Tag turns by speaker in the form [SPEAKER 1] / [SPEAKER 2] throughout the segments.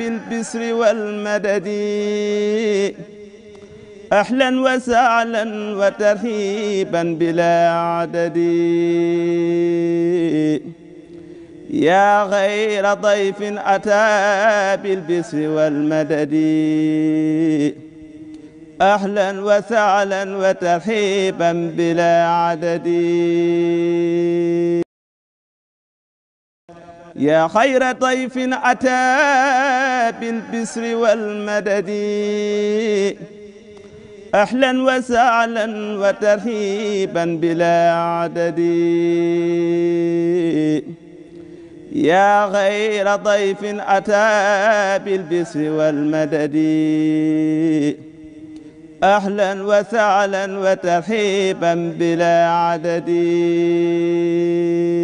[SPEAKER 1] بالبسر والمدد أهلا وسهلا وترحيبا بلا عدد يا غير ضيف أتى بالبسر والمدد أهلا وسهلا وترحيبا بلا عدد yaa xayra dayfin ataa bil bisri wal madadi ahlan wa sahlan wa tarhiban bilaa adadi yaa xayra dayfin ataa bil bisri wal madadi ahlan wa sahlan wa tarhiban bilaa adadi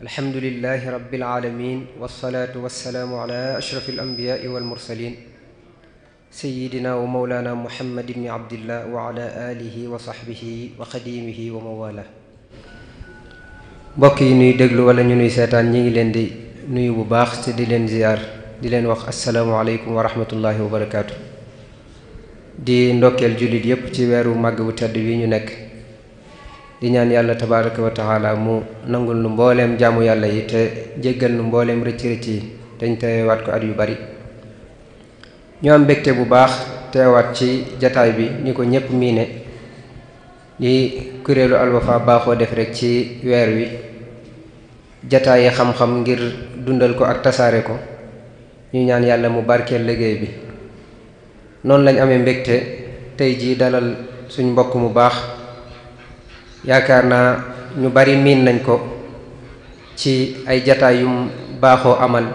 [SPEAKER 2] alhamdulilahi rabbil alamin walsalaatu walsalaamu ala ashraf alambiyaai walmursalin sayidina wa mawlana muhammad ibni abdillah wa ala alihi wa saxbihi wa xadimihi wa mawala mbokk yi nuy déglu wala ñu nuy seetaan ñi ngi leen di nuyu bu baax ci di leen ziyaar di leen wax asalaamu aleykum wa rahmatullahi wa barakaatu di ndokkeel jullit yépp ci weeru màgg bu tedd wi ñu nekk di ñaan yàlla tabaraka wa taala mu nangul nu mbooleem jaamu yàlla yi te jéggal nu mbooleem rëcc rëcc yi dañ teewaat ko at yu bari ñu am mbégte bu baax teewaat ci jataay bi ni ko ñépp miine li kuréelu Al baaxoo def rekk ci weer wi jataayi xam-xam ngir dundal ko ak tasaare ko ñu ñaan yàlla mu barkeel liggéey bi noonu lañ amee mbégte tey jii dalal suñ mbokk mu baax yaakaar naa ñu bari miin nañ ko ci ay jataay yu baaxoo amal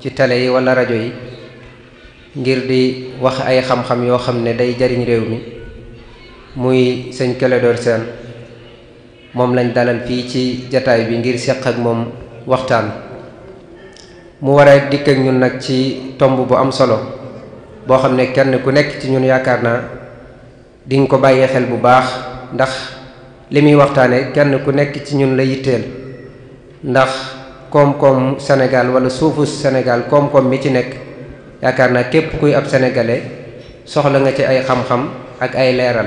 [SPEAKER 2] ci télé yi walla rajo yi ngir di wax ay xam-xam yoo xam ne day jariñ réew mi muy sëñ Clédor Sène moom lañ dalal fii ci jataay bi ngir seq ak moom waxtaan mu war a dikk ak ñun nag ci tomb bu am solo boo xam ne kenn ku nekk ci ñun yaakaar naa dinga ko bàyyee xel bu baax ndax li muy waxtaanee kenn ku nekk ci ñun la yitteel ndax koom-koom Sénégal wala suufu Sénégal koom-koom mi ci nekk yaakaar naa képp kuy ab sénégalais soxla nga ci ay xam-xam ak ay leeral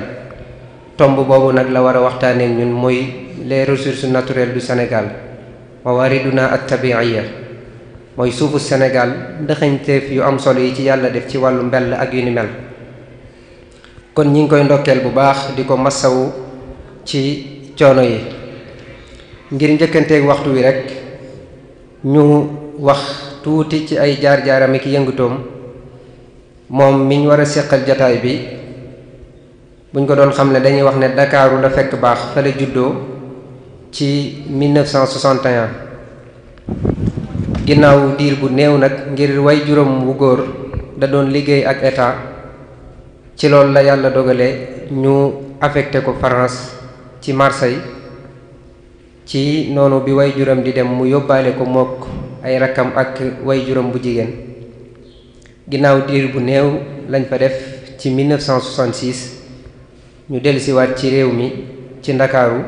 [SPEAKER 2] tomb boobu nag la war a waxtaanee ñun mooy les ressources naturelles du Sénégal ak at-tabiiya mooy suufu Sénégal ndëxañteef yu am solo yi ci yàlla def ci wàllu mbell ak yu ni mel kon ñi koy ndokkeel bu baax di ko massawu ci coono yi ngir njëkkanteeg waxtu wi rekk ñu wax tuuti ci ay jaar-jaaram ak yëngutoom moom miñ ñu war a séqal jataay bi buñ ko doon xam ne dañuy wax ne Ndakaaru la fekk baax fa juddoo ci 1961 ginnaaw diir bu néew nag ngir way juróom wu góor da doon liggéey ak état ci loolu la yàlla dogale ñu affecté ko France ci Marseille ci noonu bi way juram di dem mu yóbbaale ko mook ay rakkam ak way juram bu jigéen ginnaaw diir bu néew lañ fa def ci 1966 ñu dellusiwaat ci réew mi ci Ndakaaru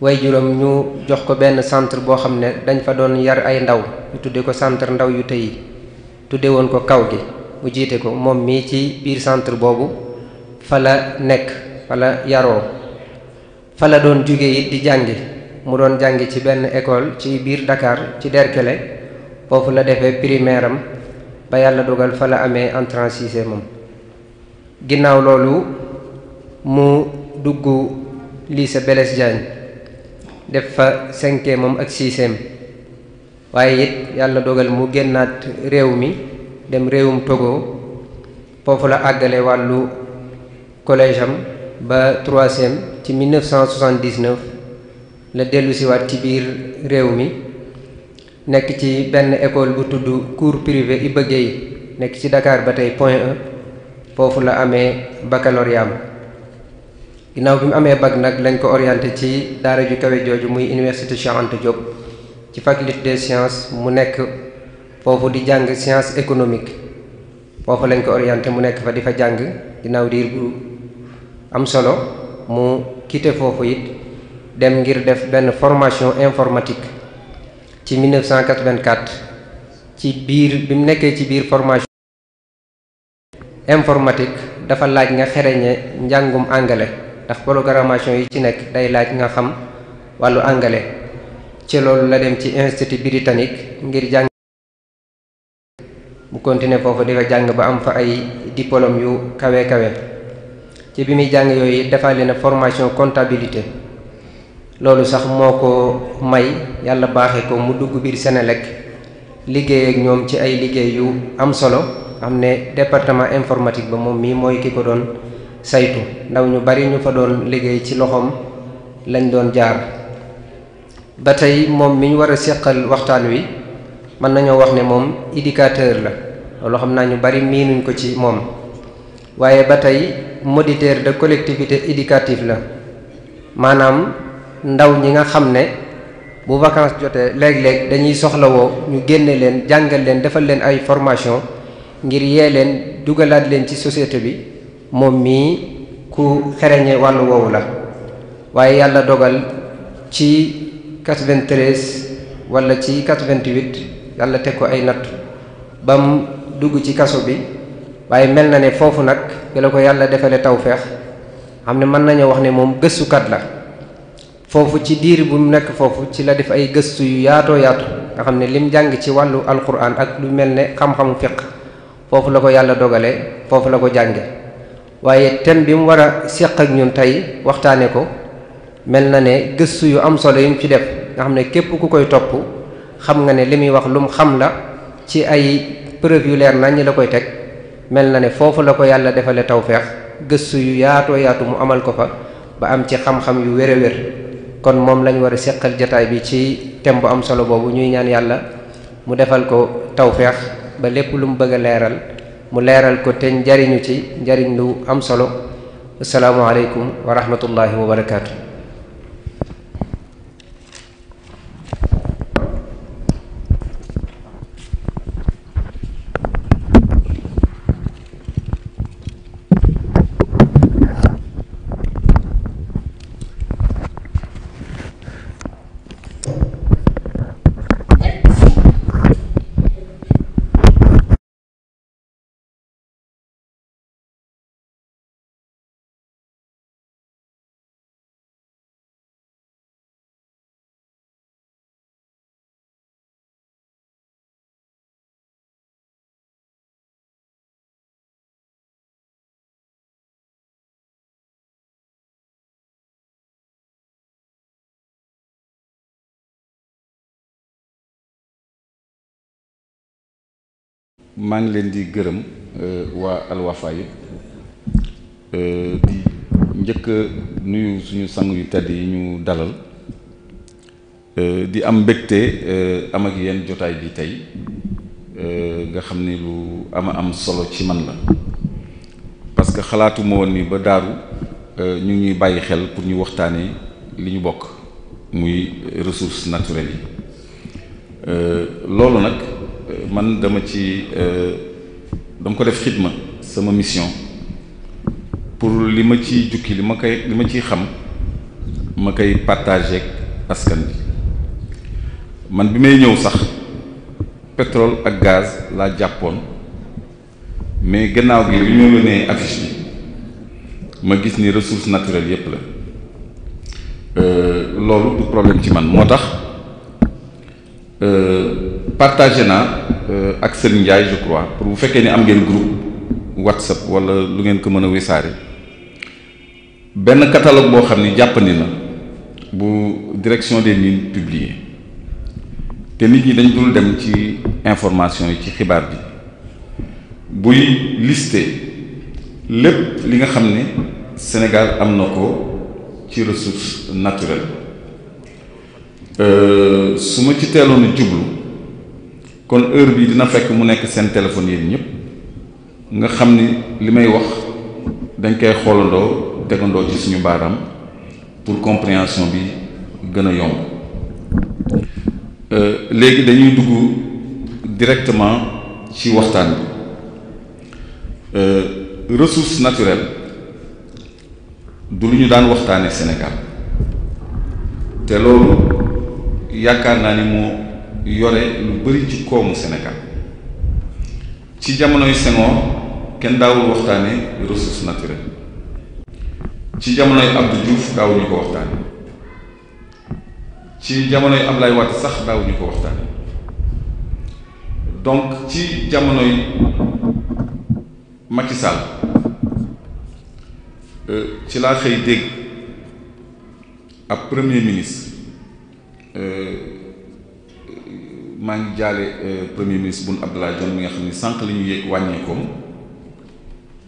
[SPEAKER 2] way juram ñu jox ko benn centre boo xam ne dañ fa doon yar ay ndaw ñu tudde ko centre ndaw yu tey tudde woon ko kaw gi mu jiite ko moom mii ci biir centre boobu fa la nekk fa la yaroo fa la doon jóge it di jàngi mu doon jàngi ci benn école ci biir dakaar ci Derkele foofu la defee primaire am ba yàlla dogal fa la amee entrant sixième moom ginnaaw loolu mu dugg lycée Blaise Diagne def fa cinquième moom ak sixième waaye it yàlla dogal mu génnaat réew mi dem réewum Togo foofu la àggale wàllu collège am ba troisième ci 1979 la dellu siwaat ci biir réew mi nekk ci benn école bu tudd cour privé i Guèye nekk ci dakaar ba tey point foofu la amee baccalauréat ginnaaw bi mu amee bac nag lañ ko orienté ci daara ju kawe jooju muy université Cheikh Anta ci faculté de sciences mu nekk foofu di jàng science économique foofu lañ ko orienté mu nekk fa di fa jàng ginnaaw diir bu am solo mu quitté foofu it dem ngir def benn formation informatique ci 1984 ci biir bi mu nekkee ci biir formation informatique dafa laaj nga xereñe njàngum anglais ndax programmation yi ci nekk day laaj nga xam wàllu anglais ci loolu la dem ci institut britannique ngir jàng mu continuer foofu di jàng ba am fa ay diplôme yu kawe kawe ci bi muy jàng yooyu defaale na formation comptabilité loolu sax moo ko may yàlla baaxee ko mu dugg biir Senelec liggéey ak ñoom ci ay liggéey yu am solo am ne département informatique ba moom mii mooy ki ko doon saytu ndaw ñu bari ñu fa doon liggéey ci loxoom lañ doon jaar ba tey moom mi ñu war a seqal waxtaan wi mën nañoo wax ne moom éducateur la loolu xam naa ñu bari miinuñ ko ci moom waaye ba tey moniteur de collectivité éducative la maanaam ndaw ñi nga xam ne bu vacances jotee léeg-léeg dañuy soxlawoo ñu génne leen jàngal leen defal leen ay formation ngir yee leen dugalaat leen ci société bi moom mii ku xereñe wàllu woowu la waaye yàlla dogal ci 93 wala ci 88 yàlla teg ko ay natt bam dugg ci kaso bi waaye mel na ne foofu nag ki la ko yàlla defale tawfeex xam ne mën nañoo wax ne moom gëstukat la foofu ci diir bu mu nekk foofu ci la def ay gëstu yu yaatoo yaatu nga xam ne lim jàng ci wàllu alquran ak lu mel ne xam-xamu fiq foofu la ko yàlla dogale foofu la ko jànge waaye thème bi mu war a seq ak ñun tey waxtaane ko mel na ne gëstu yu am solo yu mu ci def nga xam ne képp ku koy topp xam nga ne li muy wax lu mu xam la ci ay preuve yu leer nàññi la koy teg mel na ne foofu la ko yàlla defale tawfeex gëstu yu yaatoo yaatu mu amal ko fa ba am ci xam-xam yu wére a wér kon moom lañu war a seqal jataay bi ci thème bu am solo boobu ñuy ñaan yàlla mu defal ko tawfeex ba lépp lu mu bëgg a leeral mu leeral ko te njariñu ci njariñ lu am solo asalaamaaleykum wa rahmatullahi wa barakaatu.
[SPEAKER 3] maa ngi leen di gërëm euh, waa alwafa yi euh, di njëkk nuyu suñu sang yu tedd yi ñu dalal euh, di am mbégte am ak yenn jotaay bi tey nga xam ni lu ama am solo ci man la parce que xalaatuma woon ni ba daaru ñu ngi ñuy bàyyi xel pour ñu waxtaanee li ñu bokk muy ressources naturelles yi loolu nag man dama ci euh, dama ko def xidma sama mission pour li ma ci jukki li ma koy li ma ciy xam ma koy partager ak askan bi man bi may ñëw sax pétrole ak gaz laa jàppoon mais gannaaw gi bi ñu ne affiche bi ma gis ni ressources naturelles yépp la euh, loolu du problème ci man moo tax Euh, partagé naa euh, ak Serigne Ndiaye je crois pour bu fekkee ni am ngeen groupe WhatsApp wala lu ngeen ko mën a wisaare benn catalogue boo xam ni jàppandi na bu direction des mines publié te nit ñi dañ dul dem ci information yi ci xibaar bi buy lister lépp li nga xam ni Sénégal am na ko ci ressource naturelle Euh, su ma ci teeloon jublu kon heure bi dina fekk mu nekk seen téléphone yéen ñëpp nga xam ni li may wax dañ koy xoolandoo tegandoo ci suñu baaraam pour compréhension bi gën a yomb euh, léegi dañuy dugg directement ci waxtaan bi euh, ressource naturelle du lu ñu daan waxtaanee Sénégal te loolu yaakaar naa ni moo yore lu bari ci koomu Sénégal ci jamonoy Senghor kenn daawul waxtaane ressource naturelle ci jamonoy Abdou Diouf daawuñu ko waxtaane ci jamonoy Ablaye Wade sax daawuñu ko waxtaane donc ci jamonoy Macky Sall euh, ci laa xëy dégg ab premier ministre Euh, maa ngi jaale euh, premier ministre Boun Abdallah Dionne mi nga xam ni sànq la ñu yëg wàññeekoom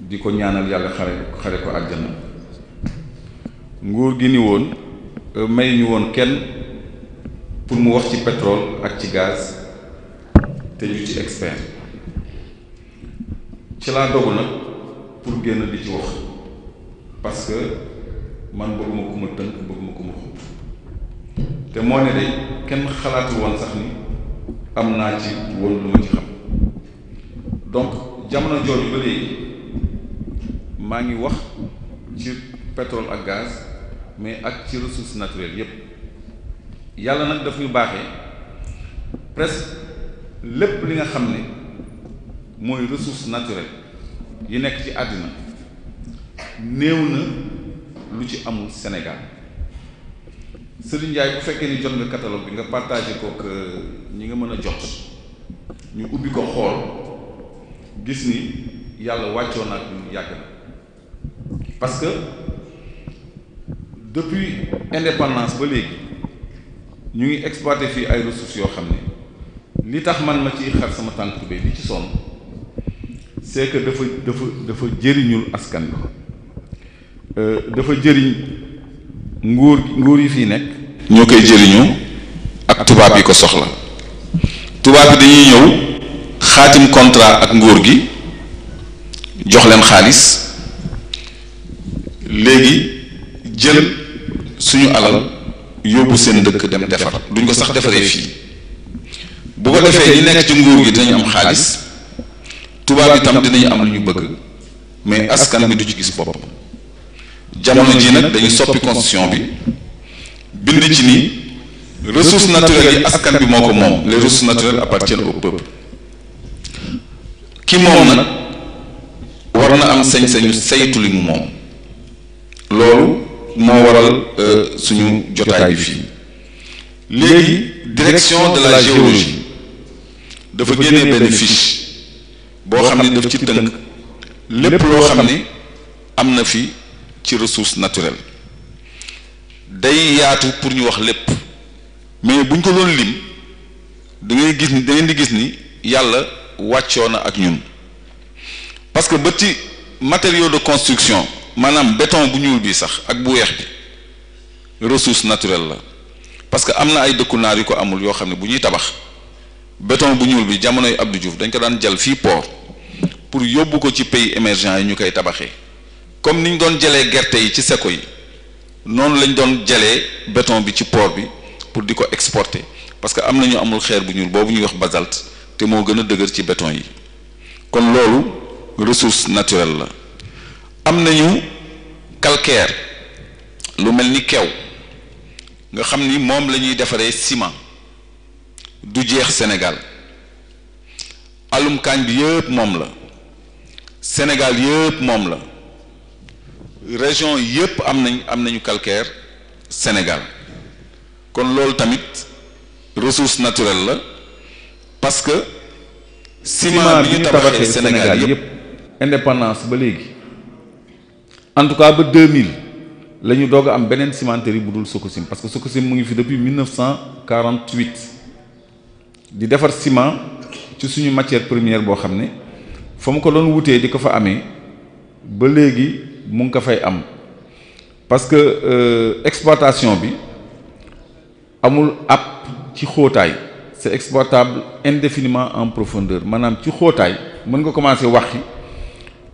[SPEAKER 3] di ko ñaanal yàlla xare xare ko ak àjjana nguur gi ni woon euh, may ñu woon kenn pour mu wax ci pétrole ak ci gaas te ñu ci expert ci laa dogu nag pour génn di ci wax parce man bëgguma ku ma tënk te moo ne de kenn xalaatu woon sax ni am naa ci woon lu ma ci xam donc jamono jooju ba léegi maa ngi wax ci pétrole ak gaz mais ak ci ressources naturelles yépp yàlla nag daf ñu baaxee presque lépp li nga xam ne mooy ressources naturelles yi nekk ci àddina néew na lu ci amul Sénégal Serigne Ndiaye bu fekkee ni jot nga catalogue bi nga partage kook euh, ñi nga mën a jot ñu ubbi ko xool gis ni yàlla wàccoon na ak yàgg na parce que depuis indépendance ba léegi ñu ngi exploité fii ay ressources yoo xam ne li tax man ma ci xar sama tànk tubéy li ci sonn c'est que dafa dafa dafa jëriñul askan bi euh, dafa jëriñ nguur gi nguur yi fii nekk. ñoo koy jëriñoo ak tubaab yi ko soxla tubaab yi dañuy ñëw xaatim contrat ak nguur gi jox leen xaalis léegi jël suñu alal yóbbu seen dëkk dem defar duñ ko sax defaree fii bu ko defee ñi nekk ci nguur gi dinañu am xaalis tubaab yi dinañu am lu ñu bëgg mais askan bi du ci gis boppam. jamono ji nag dañu soppi constitution bi bind ci ni ressources naturelles askan bi moo ko moom les ressources naturelles appartiennent au peuple ki moom nag war na am sañ-sañu saytu li mu moom loolu moo waral euh, suñu jotaay bi fii léegi direction de la géologie dafa génnee benn fiche boo xam ni daf ci tënk lépp loo xam ni am na fi ci ressource naturelle day yaatu pour ñu wax lépp mais bu ñu ko doon lim da ngay gis ni da ngeen di gis ni yàlla wàccoo na ak ñun parce que ba ci matériaux de construction maanaam béton bu ñuul bi sax ak bu weex bi ressource naturelle la parce que am na ay dëkku naar yu ko amul yoo xam ne bu ñuy tabax béton bu ñuul bi jamonoy Abdou Diouf dañ ko daan jël fii port pour yóbbu ko ci pays émergents yi ñu koy tabaxee comme niñ doon jëlee gerte yi ci seko yi noonu lañ doon jëlee beton bi ci port bi pour di ko exporter parce que am na ñu amul xeer bu ñuul boobu ñuy wax basalte te moo gën a dëgër ci beton yi kon loolu ressource naturel la am nañu calcaire lu mel ni kew nga xam ni moom la ñuy defaree ciment du jeex Sénégal alum kaañ bi yëpp moom la Sénégal yëpp moom la région yëpp am nañ am nañu calcaire Sénégal kon loolu tamit ressource naturelle la parce que ciment bi ñu tabaxee Sénégal yëpp indépendance ba léegi en tout cas ba 2000 la ñu doog a am beneen cimenterie bu dul Sococim parce que Sococim mu ngi fi depuis 1948 di defar ciment ci suñu matière première boo xam ne fa mu ko doon wutee di ko fa amee ba léegi mu ngi ko fay am parce que euh, exploitation bi amul ab ci xootaay c'est exploitable indéfiniment en profondeur maanaam ci xootaay mën nga commencer waxi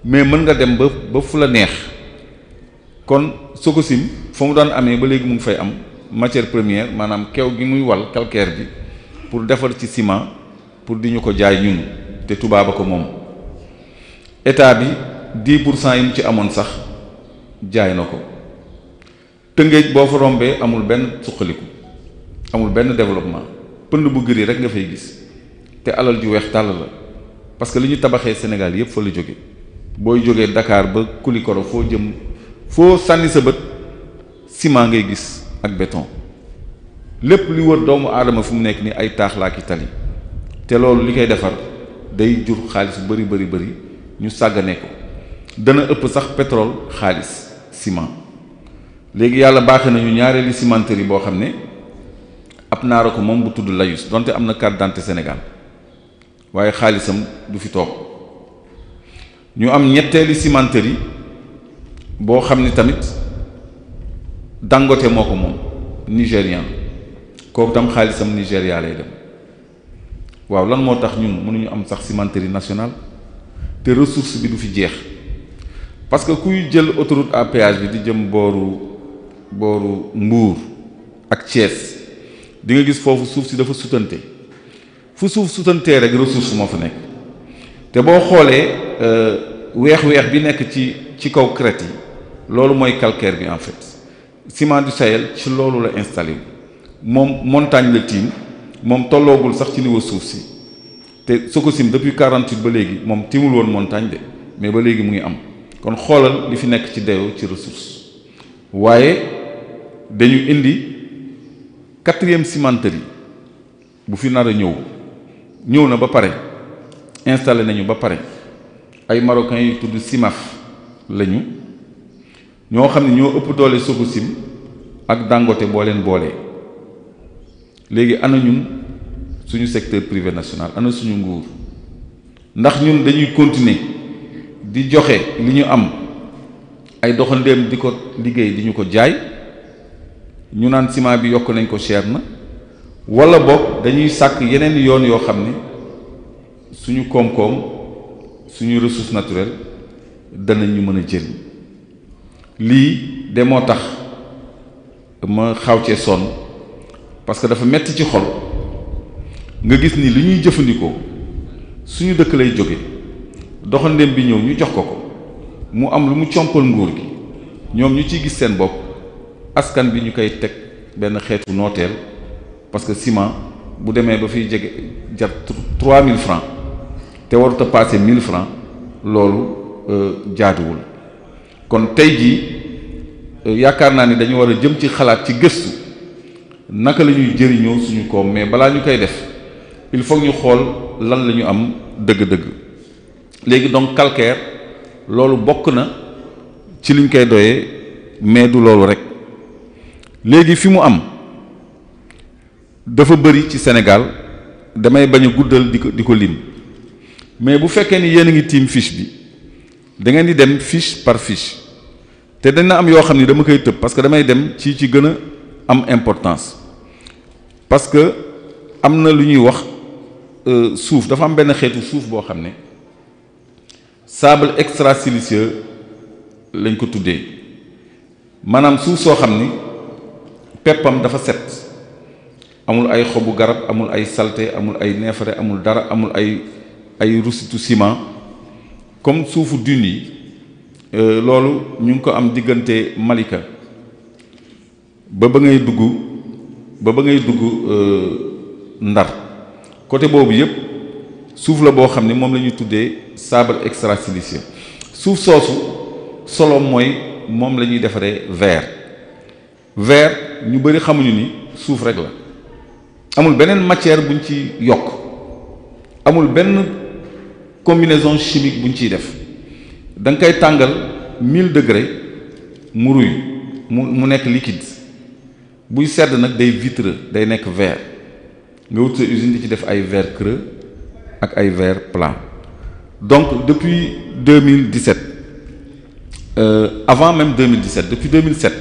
[SPEAKER 3] mais mën nga dem ba ba fu la neex kon Sococim fa mu daan amee ba léegi mu ngi fay am matière première maanaam kew gi muy wal calcaire bi pour defar ci ciment pour di ñu ko jaay ñun te tubaab ko moom état bi. di pour cent yi mu ci amoon sax jaay na ko tëngéej boo fa rombee amul benn suqaliku amul benn développement pënd bu gëri rek nga fay gis te alal ju weex tàll la parce que li ñu tabaxee Sénégal yépp fa la jóge booy jógee ndakaar ba Koulikoro foo jëm foo sànni sa bët ciment ngay gis ak beton lépp li wër doomu aadama fu mu nekk ni ay taax laa tali te loolu li koy defar day jur xaalis bari bari bari ñu sàggane ko dana ëpp sax pétrole xaalis ciment léegi yàlla baaxe nañu ñaareelu cimenterie boo xam ne ab naara ko moom bu tudd layus donte am na carte d'identité Sénégal waaye xaalisam du fi toog ñu am ñetteelu cimenterie boo xam ne tamit dàngote moo ko moom nigérian kooku tam xaalisam Nigéria lay dem waaw lan moo tax ñun mënuñu am sax cimenterie nationale te ressource bi du fi jeex parce que kuy jël autoroute à bi di jëm booru booru mbuur ak Thiès di nga gis foofu suuf si dafa sutante fu suuf sutantee rek su moo fa nekk te boo xoolee euh, weex-weex bi nekk ci ci kaw crête yi loolu mooy calcaire bi en fait ciment du Sahel ci loolu la installé moom montagne la tiim moom tolloogul sax ci niveau suuf si te Sococim depuis 48 ba léegi moom tiimul woon montagne de mais ba léegi mu ngi am. kon xoolal li fi nekk ci dayoo ci ressource waaye dañu indi quatrième cimenterie bu fi nar a ñëw ñëw na ba pare installé nañu ba pare ay marocains yu tudd simaf lañu ñoo xam ne ñoo ëpp doole Sococim ak Dangote boo leen boolee léegi ana ñun suñu secteur privé national ana suñu nguur ndax ñun dañuy continuer di joxe li ñu am ay doxandéem di ko liggéey di ñu ko jaay ñu naan ciment bi yokk nañ ko cher na wala boog dañuy sàkk yeneen yoon yoo xam ne suñu koom-koom suñu ressource naturelle danañ ñu mën a jël lii de moo tax ma xaw cee sonn parce que dafa metti ci xol nga gis ni li ñuy jëfandikoo suñu dëkk lay jóge doxandéem bi ñëw ñu jox ko ko mu am lu mu compal nguur gi ñoom ñu ci gis seen bopp askan bi ñu koy teg benn xeetu nooteel parce que ciment bu demee ba fi jege jar trois mille francs te warut a passé mille francs loolu euh, jaaduwul kon tey jii euh, yaakaar naa ni dañu war a jëm ci xalaat ci gëstu naka la ñuy jëriñoo suñu koom mais balaa ñu koy def il faut ñu xool lan la ñu am dëgg-dëgg léegi donc calcaire loolu bokk na ci liñ koy doyee mais du loolu rek léegi fi mu am dafa bëri ci Sénégal damay bañ a guddal di ko di ko lim mais bu fekkee ni yéen a ngi tiim fiche bi da ngeen di dem fiche par fiche te dana am yoo xam ni dama koy tëb parce que damay dem ci ci gën a am importance parce que am na lu ñuy wax euh, suuf dafa am benn xeetu suuf boo xam ne sable extra-siliceux lañ ko tuddee maanaam suuf soo xam ne peppam dafa set amul ay xobu garab amul ay salte amul ay neefare amul dara amul ay ay rusitu ciment comme suufu dune yi euh, loolu ñu ngi ko am diggante Malika ba ba ngay dugg ba ba ngay dugg euh, Ndar côté boobu yépp suuf la boo xam ne moom la ñu tuddee sable extra-siliceux suuf soosu solo mooy moom lañuy defaree ver ver ñu bëri xamuñu ni suuf rek la amul beneen matière buñ ci yokk amul benn combinaison chimique buñ ciy def da nga koy tàngal mille degrés mu ruy mu mu nekk liquide buy sedd nag day vitre day nekk ver nga wut sa usine di ci def ay ver creux ak ay verre plat donc depuis 2017 euh, avant même 2017 depuis 2007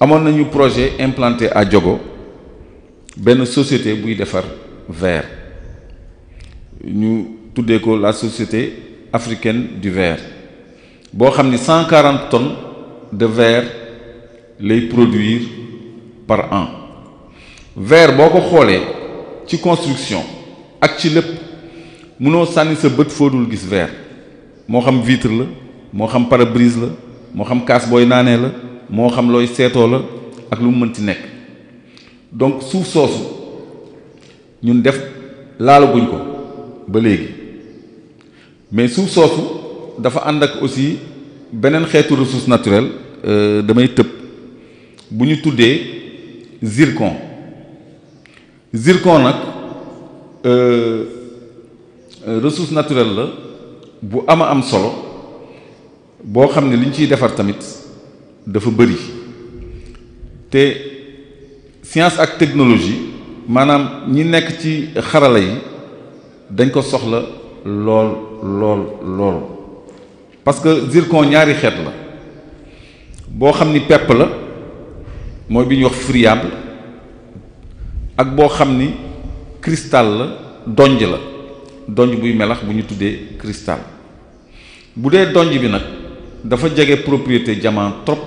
[SPEAKER 3] amoon nañu projet implanté à Diogo benn société buy defar verre ñu tuddee ko la société africaine du verre boo xam ni 140 tonnes de verre lay produire par an verre boo ko xoolee ci construction ak ci lépp mënoo sànni sa bët foo dul gis verre moo xam vitre la moo xam pare-brise la moo xam kaas booy naanee la moo xam looy seetoo la ak lu mu mën ci nekk donc suuf soosu ñun def laalaguñ ko ba léegi mais suuf soosu dafa ànd ak aussi beneen xeetu ressource naturelle euh, damay tëb bu ñu tuddee zircon zircon nag Euh, euh, ressource naturelle la bu ama am solo boo xam ne li ñu ciy defar tamit dafa bëri te science ak technologie maanaam ñi nekk ci xarala yi dañ ko soxla lool lool lool parce que zircon ñaari xeet la boo xam ni pepp la mooy bi ñuy wax friable ak boo xam ni cristal la donj la donj buy melax bu ñu tuddee cristal bu dee donj bi nag dafa jege propriété diamant trop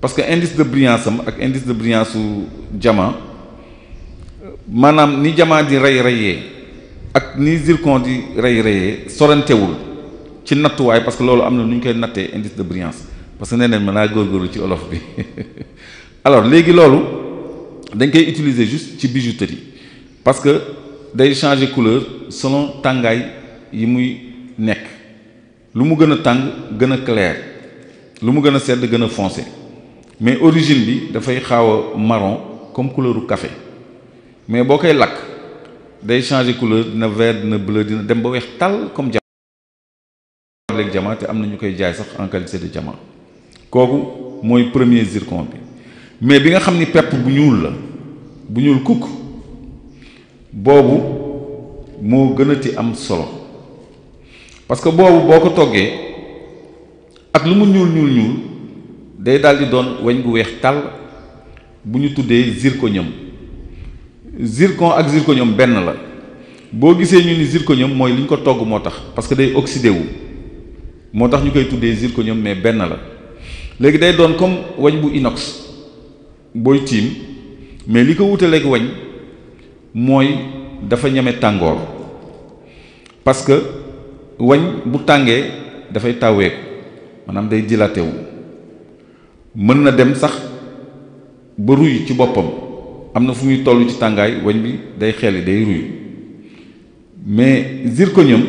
[SPEAKER 3] parce que indice de brillance am ak indice de brillance su diamant maanaam ni diamant di rey reyee ak ni zircon di rey reyee sorantewul ci nattuwaay parce que loolu am na nu ñu koy nattee indice de brillance parce que nee nañ ma naa góorgóorlu ci olof bi alors léegi loolu dañ koy utiliser juste ci bijouterie parce que day changer couleur selon tàngaay yi muy nekk lu mu gën a tàng gën a clair lu mu gën a sedd gën a foncé mais origine bi dafay xaaw a marron comme couleuru kafe mais boo koy lakk day changer couleur dina vert dina bleu dina dem ba weex tal comme jamaa léegi jamaa te am na ñu koy jaay sax en qualité de jamaa kooku mooy premier zircon bi mais bi nga xam ni pepp bu ñuul la bu ñuul kukk boobu moo gënati am solo parce que boobu boo ko toggee ak lu mu ñuul ñuul ñuul day daldi doon wañ gu weex tàll bu ñu tuddee zirconium zircon ak zirconium benn la boo gisee ñu ni zirconium mooy li ñu ko togg moo tax parce que day oxydé wu moo tax ñu koy tuddee zirconium mais benn la léegi day doon comme wañ bu inox booy tiim mais li ko wutaleeg weñ mooy dafa ñeme tàngoor parce que wañ bu tàngee dafay tàwweeku maanaam day jilatewu mën na dem sax ba ruy ci boppam am na fu muy toll ci tàngaay wañ bi day xeli day ruy mais zirconium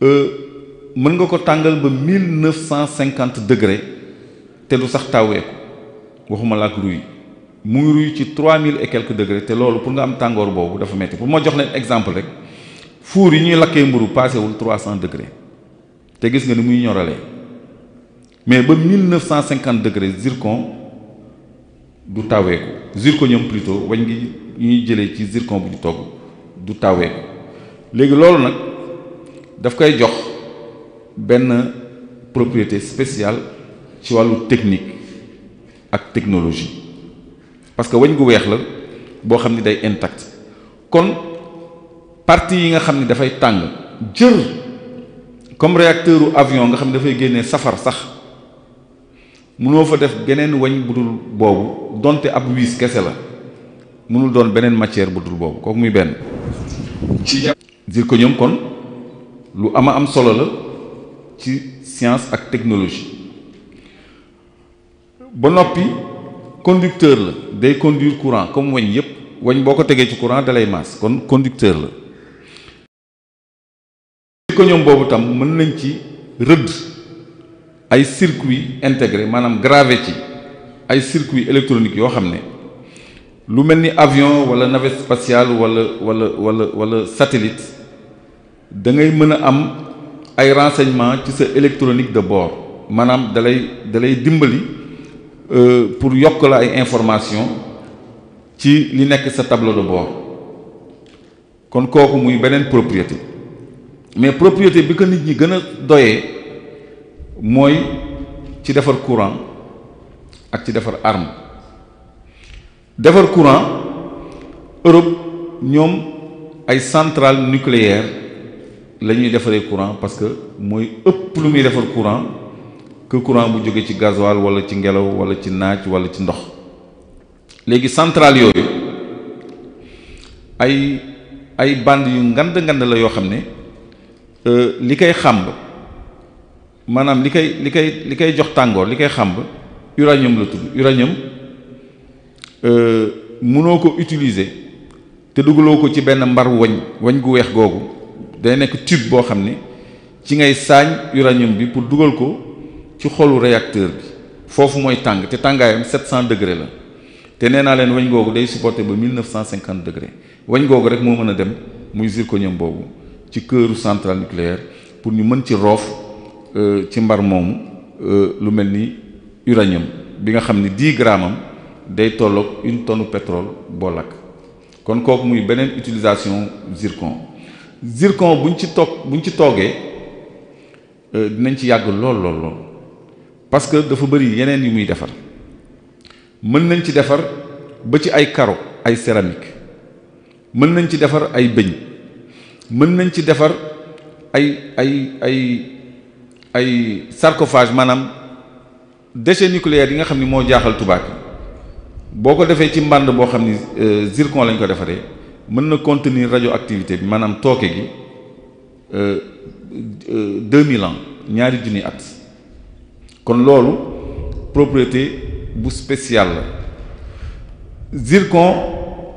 [SPEAKER 3] euh, mën nga ko tàngal ba mille neuf cent cinquante degré te du sax tàwweeku waxuma la ak ruy mu ngi ruy ci trois mille et quelques degrés te loolu pour nga am tàngoor boobu dafa metti pour ma jox leen exemple rek four yi ñuy lakkee mburu paasewul trois cent degrés te gis nga ni muy ñorale mais ba mille neuf cent cinquante degrés zircon du taweeku zirconium plutôt wañ ngi ñuy jëlee ci zircon bu ñu togg du taweeku léegi loolu nag daf koy jox benn propriété spéciale ci wàllu technique ak technologie parce que wañ gu weex la boo xam ni day intact kon partie yi nga xam ni dafay tàng jël comme réacteur u avion nga xam ni dafay génnee safar sax mënoo fa def geneen wañ bu boobu donte ab wiis kese la mënul doon beneen matière bu dul boobu kooku muy benn ci zirconium kon lu ama am solo la ci science ak technologie ba noppi conducteur la day conduire courant comme weñ yépp weñ boo ko tegee ci courant dalay maas kon conducteur la li ko boobu tam mën nañ ci rëdd ay circuit intégré maanaam gravé ci ay circuit électronique yoo xam ne lu mel ni avion wala navette spatiale wala wala wala wala satellite da ngay mën a am ay renseignement ci sa électronique de bord maanaam dalay dalay dimbali Euh, pour yokk la ay information ci li nekk sa tableau de bord kon kooku muy beneen propriété mais propriété bi ko nit ñi gën a doyee mooy ci defar courant ak ci defar arme defar courant Europe ñoom ay centrale nucléaire la ñuy defaree courant parce que mooy ëpp lu muy defar courant que courant bu jóge ci gasoil wala ci ngelaw wala ci naaj wala ci ndox léegi centrale yooyu ay ay band yu ngand ngand la yoo xam ne euh, li koy xàmb maanaam li koy li koy li koy jox tàngoor li koy xàmb uranium la tudd uranium euh, mënoo ko utiliser te dugaloo ko ci benn mbar wañ wañ gu weex googu day nekk tube boo xam ne ci ngay saañ uranium bi pour dugal ko ci xolu réacteur bi foofu mooy tàng te tàngaayam 700 degré la te nee naa leen wañ googu day supporté ba 1950 degré wañ googu rek moo mën a dem muy zirconium boobu ci këru centrale nucléaire pour ñu mën ci roof euh, ci mbar moomu euh, lu mel ni uranium bi nga xam ni 10 graamam day tolloog une tonne pétrole boo lakk kon kooku muy beneen utilisation zircon zircon buñ ci toog buñ ci toogee euh, dinañ ci yàgg lool lool lool. parce que dafa bëri yeneen yu muy defar mën nañ ci defar ba ci ay carreau ay céramique mën nañ ci defar ay bëñ mën nañ ci defar ay ay ay ay sarcophage maanaam déchets nucléaires yi nga xam ni moo jaaxal tubaab boo ko defee ci mbànd boo xam ni euh, zircon lañ ko defaree mën na rajo radioactivité bi maanaam tooke gi euh, euh, deux mille ans ñaari junni at kon loolu propriété bu spéciale la zircon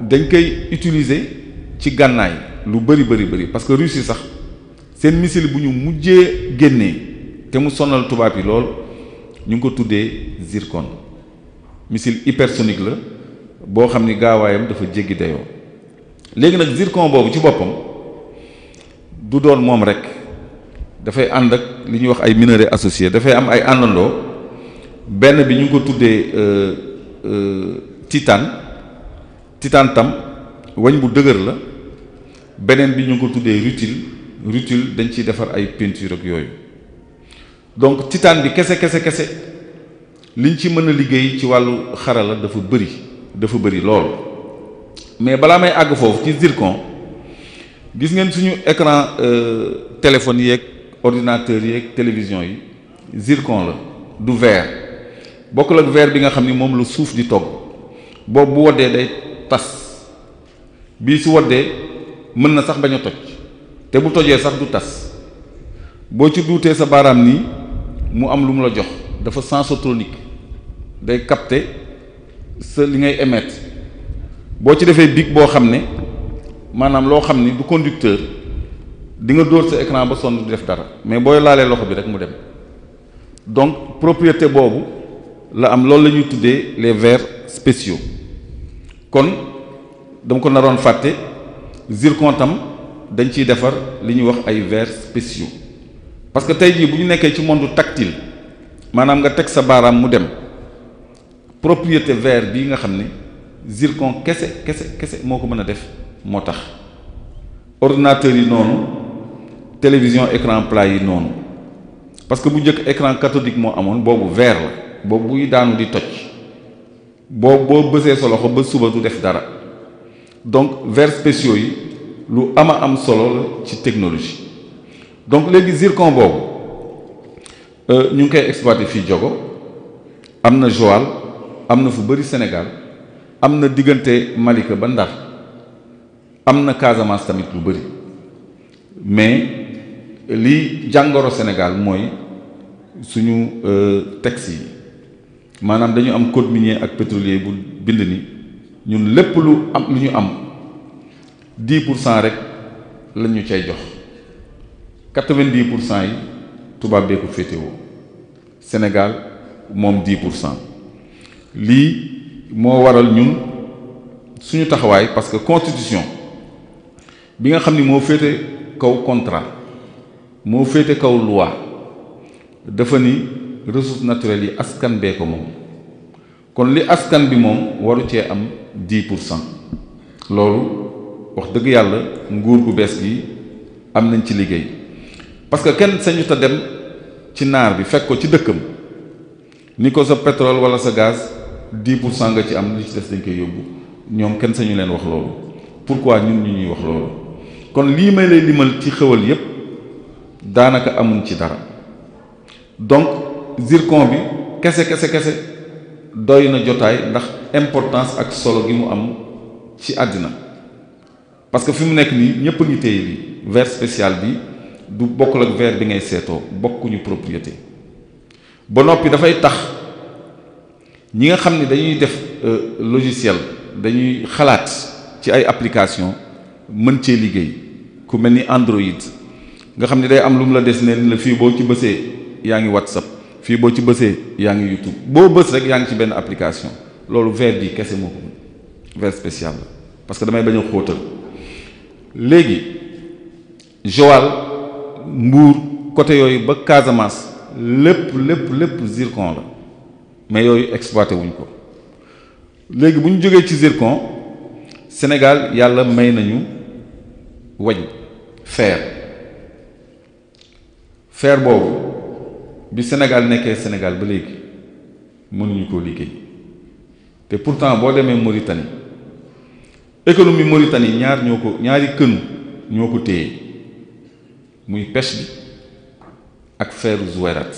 [SPEAKER 3] dañ koy utiliser ci gànnaay lu bëri bëri bëri parce que Russie sax seen missile bu ñu mujjee génnee te mu sonal tubaab yi lool ñu ngi ko tuddee zircon missile hypersonique la boo xam ni gaawaayam dafa jéggi dayoo léegi nag zircon boobu ci boppam du doon moom rek. dafay ànd ak li ñuy wax ay mineurs associés dafay am ay àndandoo benn bi ñu ko tuddee titan euh, euh, titan tam wañ bu dëgër la beneen bi ñu ko tuddee rutile rutile dañ ciy defar ay peinture ak yooyu donc titan bi kese kese kese liñ ci mën a liggéey ci wàllu xarala dafa bëri dafa bëri lool mais balaa may àgg foofu ci zircon gis ngeen suñu écran euh, téléphone yeeg. ordinateurs yi ak télévision yi zircon la du verre bokkul ak verre bi nga xam ni moom lu suuf di togg boobu bu woddee day tas bii su woddee mën na sax bañ a toj te bu tojee sax du tas boo ci duutee sa baaraam nii mu am lu mu la jox dafa sensotronique day capter sa li ngay émettre boo ci defee bic boo xam ne maanaam loo xam ni du conducteur di nga dóor sa écran ba sonn di def dara mais booy laalee loxo bi rek mu dem donc propriété boobu la am loolu la ñuy tuddee les verres spéciaux kon dama ko naroon fàtte zircon tam dañ ciy defar li ñuy wax ay verres spéciaux parce que tey jii bu ñu nekkee ci monde tactile maanaam nga teg sa baaraam mu dem propriété verre bi nga xam ne zircon kese kese kese moo ko mën a def moo tax ordinateurs yi noonu télévision écran plat yi noonu parce que bu njëkk écran cathodique moo amoon boobu verre la boobu buy daanu di toj boo boo bësee sa loxo ba suba du def dara donc verres spéciaux yi lu ama am solo la ci technologie donc léegi zircon boobu euh, ñu ngi koy exploité fi Diogo am na Joal am na fu bëri Sénégal am na diggante Malika ba Ndar am na Casamance tamit lu bëri mais lii jàngoro Sénégal mooy suñu euh, texte yi maanaam dañu am code minier ak pétrolier bu bind ni ñun lépp lu am lu ñu am dix pour cent rek lañ ñu cay jox quatre-vingt-dix pour cent yi tubaab bee ko féetewoo Sénégal moom dix lii moo waral ñun suñu taxawaay parce que constitution bi nga xam ni moo féete kaw contrat moo féete kaw loi dafa ni ressources naturelles yi askan bee ko moom kon li askan bi moom waru cee am dix pour cent loolu wax dëgg yàlla nguur gu bees gi am nañ ci liggéey parce que kenn sañu sa dem ci naar bi fekk ko ci dëkkam ni ko sa pétrole wala sa gaz dix pour cent nga ci am li ci des dañ koy yóbbu ñoom kenn sañu leen wax loolu pourquoi ñun ñu ñuy wax loolu kon lii may lay limal ci xëwal yépp daanaka amuñ ci dara donc zircon bi kese kese kese doy na jotaay ndax importance ak solo gi mu am ci àddina parce que fi mu nekk nii ñépp a ngi téye bi verre spécial bi du bokkul ak verre bi ngay seetoo bokkuñu propriété ba noppi dafay tax ñi nga xam ne dañuy def euh, logiciel dañuy xalaat ci ay application mën cee liggéey ku mel ni Android nga xam ne day am lu mu la des ne la fii boo ci bësee yaa ngi whatsapp fii boo ci bësee yaa ngi youtube boo bës rek yaa ngi ci benn application loolu vers di kese moo ko mën vers spécial la parce que damay bañ a xóotal léegi Joal Mbuur côté yooyu ba Casamance lépp lépp lépp zircon la mais yooyu exploité wuñ ko léegi bu ñu jógee ci zircon Sénégal yàlla may nañu wañ fer fer boobu bi Sénégal nekkee Sénégal ba léegi mënuñu ko liggéey te pourtant boo demee Mauritanie économie Mauritanie ñaar ñoo ko ñaari kën ñoo ko téye muy pêche bi ak feeru Zouérat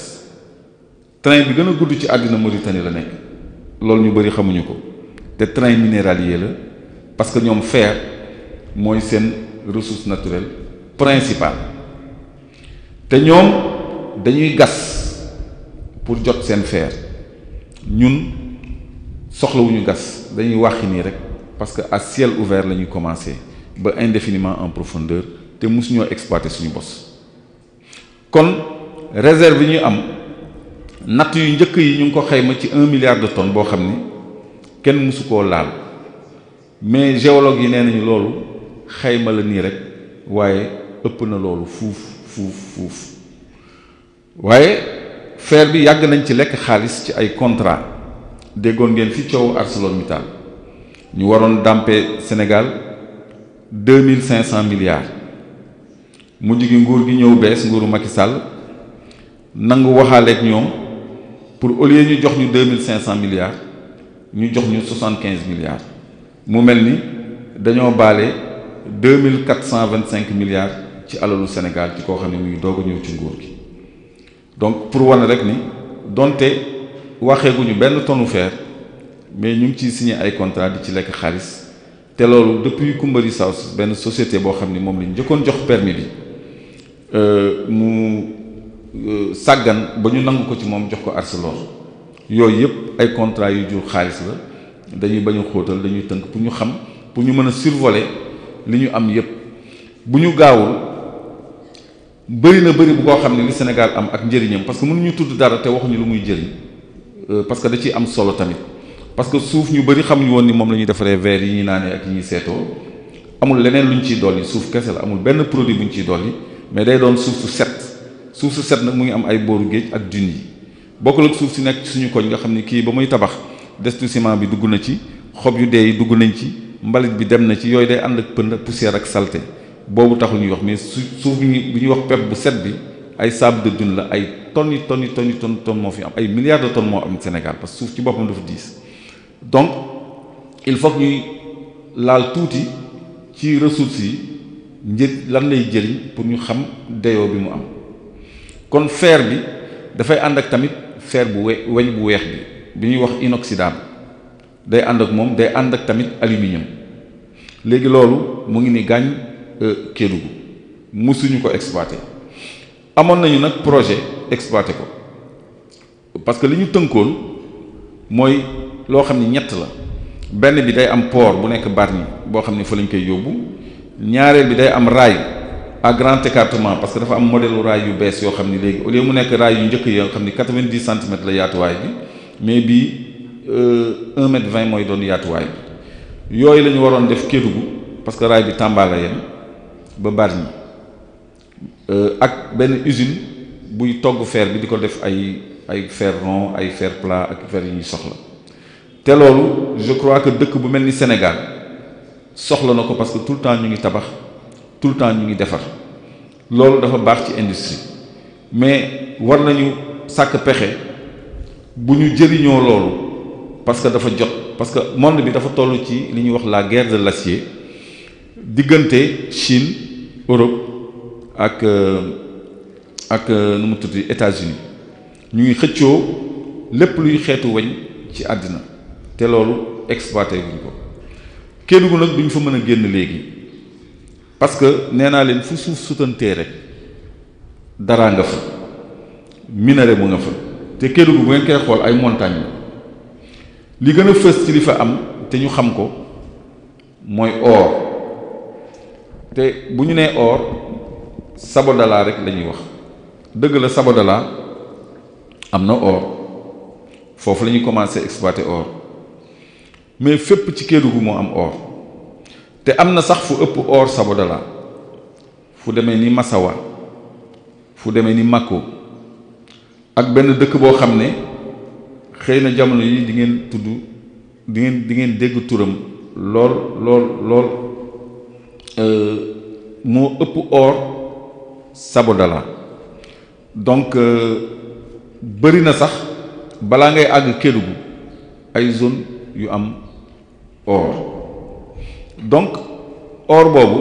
[SPEAKER 3] train bi gën a gudd ci àddina Mauritanie la nekk loolu ñu bëri xamuñu ko te train minéralier la parce que ñoom fer mooy seen ressource naturel principal te ñoom dañuy gas pour jot seen feer ñun soxlawuñu gas dañuy waxi nii rek parce que à ciel ouvert la ñuy commencer ba indéfiniment en profondeur te mosu ñoo exploiter suñu bos kon réserve yi ñu am natt yu njëkk yi ñu ngi ko xayma ci un milliard de tonnes boo xam ni kenn mosu koo laal mais géologue yi nee nañu loolu xayma la nii rek waaye ëpp na loolu fuuf fuuf fuuf waaye fer bi yàgg nañ ci lekk xaalis ci ay contrat déggoon ngeen ci fi coowu ArcelorMittal ñu waroon dàmpe Sénégal deux mille cinq cent milliards mujj gi nguur gi ñëw bees nguuru Macky Sall nangu waxaaleeg ñoom pour au lieu ñu jox ñu deux mille cinq cent milliards ñu jox ñu soixante quinze milliards mu mel ni dañoo baale deux mille quatre cent vingt cinq milliards. ci alalu Sénégal ci koo xam ne muy doog ñëw ci nguur gi donc pour wane rek ni donte waxee guñu benn tonne fer mais ñu ngi ciy signé ay contrat di ci lekk xaalis te loolu depuis Koumbari South benn société boo xam ni moom lañ njëkkoon jox permis bi euh, mu euh, sàggan ba ñu nangu ko ci moom jox ko Arcelor yooyu yëpp ay contrat yu jur xaalis la dañuy bañ a xóotal dañuy tënk pour ñu xam pour ñu mën a survoler li ñu am yëpp bu ñu gaawul bëri na bëri bu koo xam ne li Sénégal am ak njëriñam parce que mënuñu tudd dara te waxuñu lu muy jëriñ euh, parce que da ciy am solo tamit parce que suuf ñu bëri xamuñu woon ni moom la ñuy defaree verre yi ñu naanee ak yi ñuy seetoo amul leneen lu ñu ciy dolli suuf kese la amul benn produit bu ñu ciy dolli mais day doon suuf su set suuf su set nag mu ngi am ay booru géej ak dun yi bokkul ak suuf si nekk suñu koñ nga xam ne kii ba muy tabax destu ciment bi dugg na ci xob yu dee dugg nañ ci mbalit bi dem na ci yooyu day ànd ak pënd poussière ak boobu taxul ñuy wax mais su suuf bi ñuy wax pepp bu set bi ay sable de la ay ton yi tonnes yi tonnes yi tonnes moo fi am ay milliards de tonnes moo am Sénégal parce que suuf ci boppam dafa diis donc il faut ñuy laal tuuti ci ressources yi njëriñ lan lay jëriñ pour ñu xam dayoo bi mu am kon fer bi dafay ànd ak tamit fer bu we weñ bu weex bi bi ñuy wax inoxydable day ànd ak moom day ànd ak tamit aluminium léegi loolu mu ngi ni gàññ Euh, Kédougou musuñu ko exploité amoon nañu nag projet exploité ko parce que li ñu tënkoon mooy loo xam ni ñett la benn bi day am port bu nekk ñi boo xam ni fa koy yóbbu ñaareel bi day am rail à grand écartement parce que dafa am modèle rail yu bees yoo xam ni léegi au lieu mu nekk rail yu njëkk yi nga xam ni quatre-vingt-dix centimètres la yaatuwaay bi mais bii euh, un vingt mooy doon yaatuwaay bi yooyu la waroon def Kédougou parce que rail bi Tamba la ba Bargny euh, ak benn usine buy togg fer bi di ko def ay ay fer rond ay fer plat ak fer yi ñuy soxla te loolu je crois que dëkk bu mel ni Sénégal soxla na ko parce que tout le temps ñu ngi tabax tout le temps ñu ngi defar loolu dafa baax ci industrie mais war nañu sàkk pexe bu ñu jëriñoo loolu parce que dafa jot parce que monde bi dafa toll ci li ñuy wax la guerre de l'acier diggante Chine Europe ak euh, euh, nu mu tuddi États-Unis ñu ngi xëccoo lépp luy xeetu weñ ci àddina te loolu exploité wuñ ko Kédougou nag duñ fa mën a génn léegi parce que nee naa leen fu suuf sutantee rek daraa nga fa minare mu nga fa te Kédougou bu ngeen koy xool ay montagne la li gën a fës ci li fa am te ñu xam ko mooy or te bu ñu nee or sabodala rek la wax dëgg la sabodala am na or foofu la ñuy commencer exploiter or mais fépp ci Kédougou moo am or te am na sax fu ëpp or sabodala fu demee ni masawa fu demee ni Mako ak benn dëkk boo xam ne xëy na jamono yi di ngeen tudd di ngeen di ngeen dégg turam lool lool lool Euh, moo ëpp or Sabodala donc euh, bëri na sax balaa ngay àgg Kédougou ay zone yu am or donc or boobu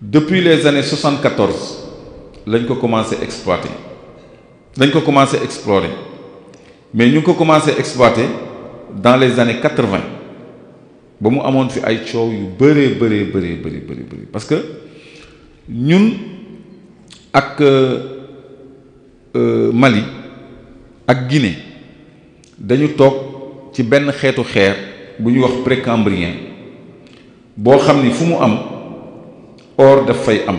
[SPEAKER 3] depuis les années 74 lañ ko commencé exploiter lañ ko commencé explorer mais ñu ngi ko commencé exploiter dans les années 80 ba mu amoon fi ay coow yu bëree bëree bëree bëri bëri bëri parce que ñun ak euh, euh, Mali ak Guinée dañu toog ci benn xeetu xeer bu ñuy wax précambrien boo xam ni fu mu am or daf fay am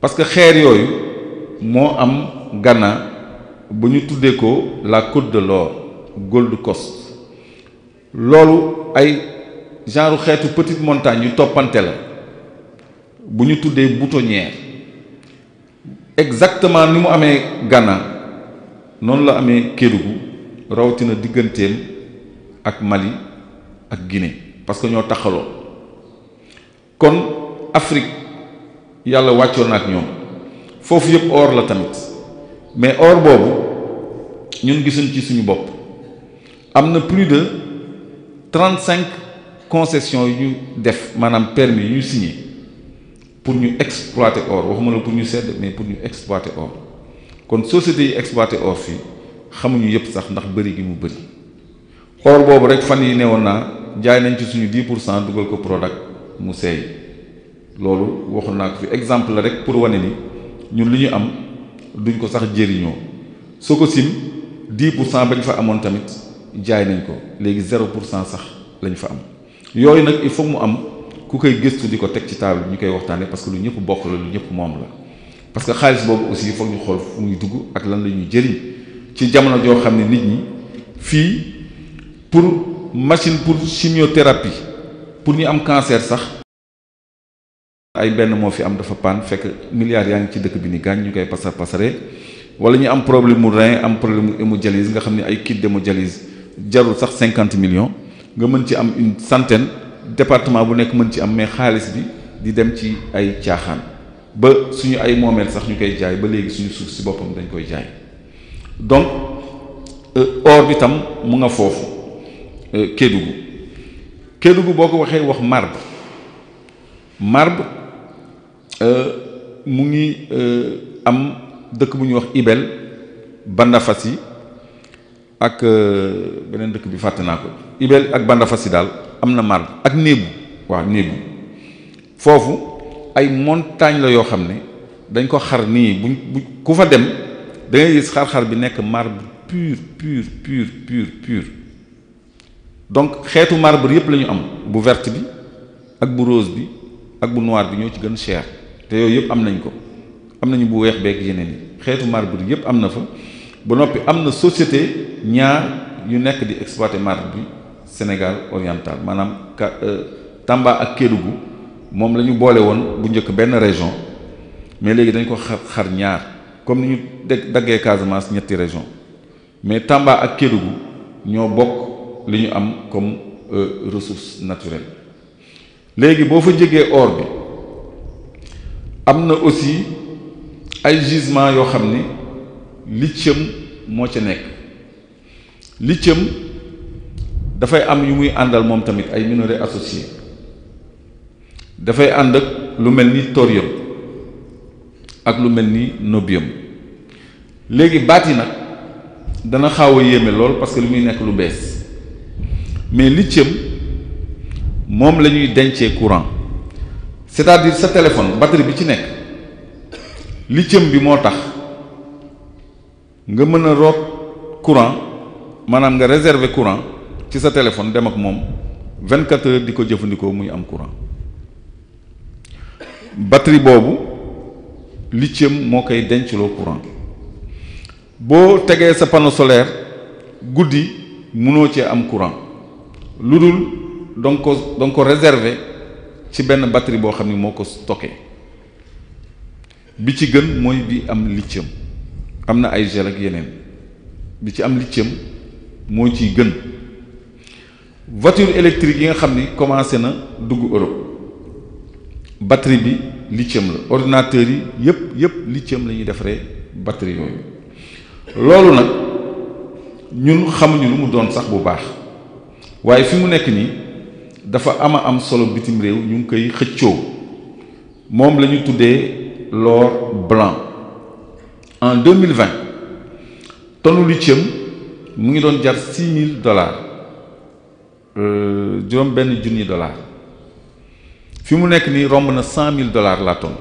[SPEAKER 3] parce que xeer yooyu moo am Ghana bu ñu tuddee ko la côte de l'or Gold Coast loolu ay genre xeetu petite montagne yu toppante la bu ñu tuddee boutonnière exactement ni mu amee Ghana noonu la amee Kédougou rawatina digganteem ak Mali ak Guinée parce que ñoo taxaloo kon Afrique yàlla wàccoon na ak ñoom foofu yëpp or la tamit mais or boobu ñun gisuñ ci suñu bopp am na plus trente cinq concessions yu ñu def maanaam permis yu ñu signé pour ñu exploité or waxuma la pour ñu sedd mais pour ñu exploiter or kon sociétés yi exploiter or fii xamuñu yëpp sax ndax bëri gi mu bëri or boobu rek fan yi newoon naa jaay nañ ci suñu 10 pour cent dugal ko Prodac mu seey loolu waxu naa ko fi exemple rek pour wane ni ñun li ñu am duñ ko sax jëriñoo soo ko sim bañ fa amoon tamit jaay nañ ko léegi zéro pour cent sax lañ fa am yooyu nag il faut mu am ku koy gëstu di ko teg ci bi ñu koy waxtaanee parce que lu ñëpp bokk la lu ñëpp moom la parce que xaalis boobu aussi foog ñu xool fu muy dugg ak lan la ñuy jëriñ ci jamono joo xam ne nit ñi fii pour machine pour chimiothérapie pour ñu am cancer sax ay benn moo fi am dafa paan fekk milliards yaa ngi ci dëkk bi ni gaañ ñu koy pasar pasare wala ñu am problème mu rein am problème mu hémodialyse nga xam ne ay kit d'hémodialyse jarul sax cinquante million nga mën ci am une centaine département bu nekk mën ci am mais xaalis bi di dem ci ay caaxaan ba suñu ay moomeel sax ñu koy jaay ba léegi suñu suuf si boppam dañ koy jaay donc euh, or bi tam mu nga foofu euh, Kédougou Kédougou boo ko waxee wax marbre marbre euh, mu ngi am dëkk bu ñuy wax Ibel yi ak euh, beneen dëkk bi fàtte naa ko Ibel ak si daal am na marbre ak néegu waaw néegu foofu ay montagne la yoo xam ne dañ ko xar nii buñ bu ku fa dem da ngay gis xar-xar bi nekk marbre pur pur pur pur pur donc xeetu marbre yépp lañu am bu verte bi ak bu rose bi ak bu noir bi ñoo ci gën cher te yooyu yépp am nañ ko am nañu bu weex beeg yeneen yi xeetu marbre yépp am na fa ba noppi am na société ñaar yu nekk di exploiter marbre bi Sénégal oriental maanaam ka euh, Tamba ak kérugu moom la ñu boole woon bu njëkk benn région mais léegi dañ ko xar xar ñaar comme ni ñu deg daggee Casamance ñetti région mais Tamba ak Kédougou ñoo bokk li ñu am comme euh, ressource naturel léegi boo fa jegee or bi am na aussi ay gisement yoo xam ni liccëm moo ca nekk liccëm dafay am yu muy àndal moom tamit ay minerais associés dafay ànd ak lu mel ni thorium ak lu mel ni nobium léegi baat yi nag dana xaaw a yéeme lool parce que muy nekk lu bees mais lithium moom la ñuy dencee courant c'est-à-dire sa téléphone batterie bi ci nekk lithium bi moo tax nga mën a root courant maanaam nga réserver courant ci sa téléphone dem ak moom 24 heures di ko jëfandikoo muy am courant batterie boobu lithium moo koy denculoo courant boo tegee sa panneau solaire guddi mënoo cee am courant lu dul danga ko danga ko ci benn batterie boo xam ni moo ko stocké bi ci gën mooy bi am lithium. am na ay gel ak yeneen bi ci am lithium moo ciy gën voiture électrique yi nga xam ni commencé na dugg Europe batterie bi lithium la ordinateur yi yëpp yëpp lithium lañuy defaree batterie yooyu loolu nag ñun xamuñu lu mu doon sax bu baax waaye fi mu nekk nii dafa ama am solo bitim réew ñu ngi koy xëccoo moom lañu ñu tuddee l'or blanc en deux mille vingt tonne lithium mu ngi doon jar six mille dollars euh, juróom benn junni dollars fi mu nekk nii romb na cent mille dollars la tonne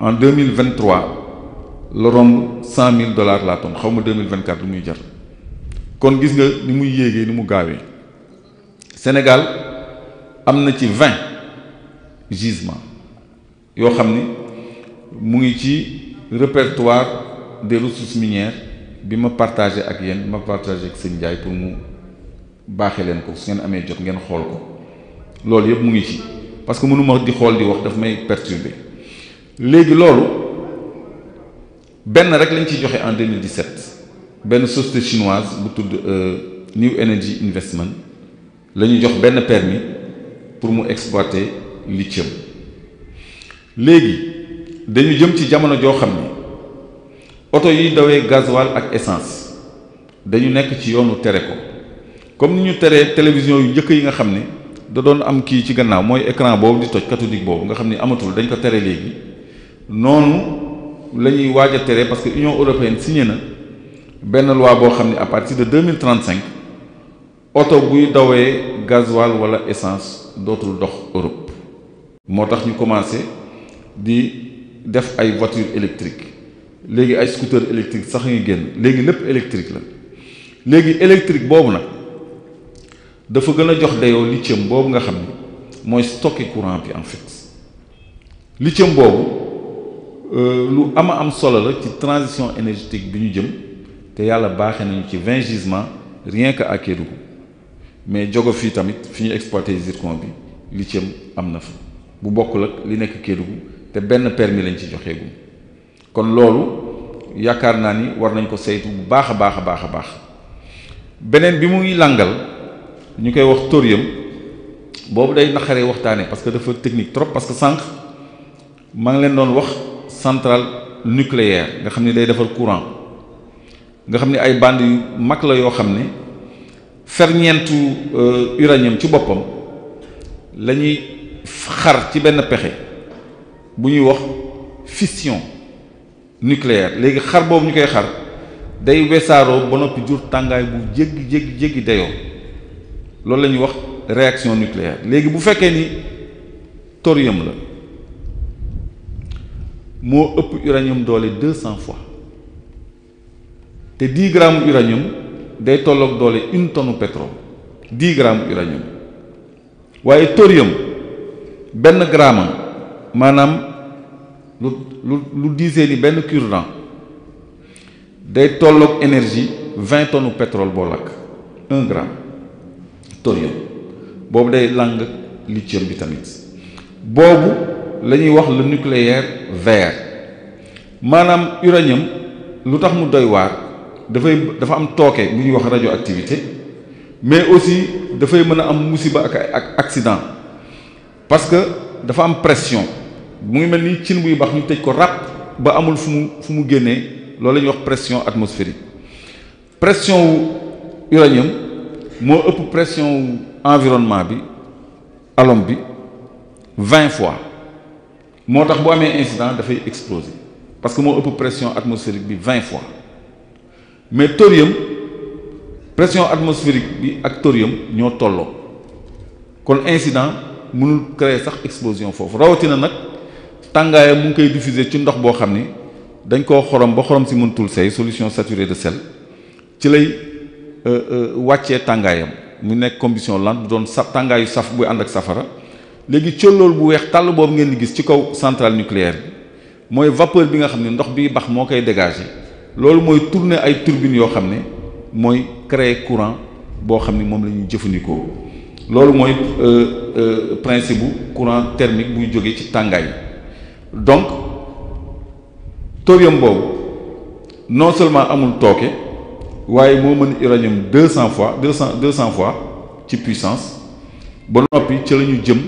[SPEAKER 3] en deux mille vingt trois la romb cent mille dollars la tonne xaw ma deux mille vingt quatre lu muy jar kon gis nga ni muy yéegee ni mu gaawee Sénégal am na ci vingt gisements yoo xam ni mu ngi ci. répertoire des ressources minières bi ma partagé ak yenn ma partagé ak sëñ Ndiaye pour mu baaxe leen ko su ngeen amee jox ngeen xool ko loolu yëpp mu ngi ci parce que mënu ma di xool di wax dafa may perturber léegi loolu benn rek lañ ci joxe en 2017 benn société chinoise bu tudd euh, New Energy Investment la ñu jox benn permis pour mu exploiter lithium léegi. dañu jëm ci jamono joo xam ni oto yiy dawee gasoil ak essance dañu nekk ci yoonu tere ko comme ni ñu teree télévision yu njëkk yi nga xam ni da doon am kii ci gannaaw mooy écran boobu di toj cathodique boobu nga xam ni amatul dañ ko tere léegi noonu la ñuy waaj a tere parce que Union européenne signé na benn loi boo xam ne à partir de deux mille cinq oto buy dawee gasoil wala essance dootul dox Europe moo tax ñu commencé di def ay voiture électrique léegi ay scooter électrique sax ngi génn léegi lépp électrique la léegi électrique boobu nag dafa gën a jox dayoo lithium boobu nga xam ni mooy stocké courant bi en fait lithium boobu euh, lu ama am solo la ci transition énergétique bi ñu jëm te yàlla baaxe nañu ci vingt gisements rien que à Kédougou mais jogo fii tamit fi ñu exploité zircon bi lithium am na fa bu bokkul ak li nekk Kédougou te benn permis lañ ci joxeegum kon loolu yaakaar naa ni war nañ ko saytu bu baax a baax a baax a baax beneen bi muy làngal ñu koy wax thorium boobu day naqaree waxtaanee parce que dafa technique trop parce que sànq maa ngi leen doon wax centrale nucléaire nga xam ni day defar courant nga xam ni ay bande yu mag la yoo xam ne ferñeentu euh, uranium ci boppam lañuy xar ci benn pexe. bu ñuy wax fission nucléaire léegi xar boobu ñu koy xar day wesaaroo ba noppi jur tàngaay bu jéggi jéggi jéggi dayoo loolu la ñuy wax réaction nucléaire léegi bu fekkee ni thorium la moo ëpp uranium doole deux cent fois te dix grammes uranium day tolloog doole une tonne pétrole dix grammes uranium waaye thorium benn gramme maanaam lu lu lu diisee ni benn cure-dent day tolloog énergie vingt tonnes pétrole boo lakk un gramme thorium boobu day lang lithium bi tamit boobu la ñuy wax le nucléaire vert maanaam uranium lu tax mu doy waar dafay dafa am tooke bu ñuy wax rajo radioactivité mais aussi dafay mën a am musiba ak ak accident parce que dafa am pression mu ngi mel ni cin buy baax ñu tëj ko ràpp ba amul fu mu fu mu génnee loolu lañuy wax pression atmosphérique pression wu uranium moo ëpp pression wu bi alom bi vingt fois moo tax bu amee insident dafay exploser parce que moo ëpp pression atmosphérique bi vingt fois mais thorium pression atmosphérique bi ak thorium ñoo tolloo kon incident mënul créer sax explosion foofu rawatina nag. tàngaayam mu ngi koy diffuser ci ndox boo xam ni dañ koo xorom ba xorom si mëntul say solution saturée de sel ci lay euh, euh, wàccee tàngaayam mu nekk combustion lente bu doon sa tàngaayu saf buy ànd ak safara léegi collool bu weex tàll boobu ngeen di gis ci kaw centrale nucléaire bi mooy vapeur bi nga xam ne ndox bi bax moo koy dégager loolu mooy tourner ay turbines yoo xam ne mooy créer courant boo xam ne moom la ñuy jëfandikoo loolu mooy euh, principe bu courant thermique buy jóge ci tàngaay donc thorium boobu non seulement amul tooke waaye moo mën uranium deux cent fois deux cent deux cent fois ci puissance ba noppi ci la ñu jëm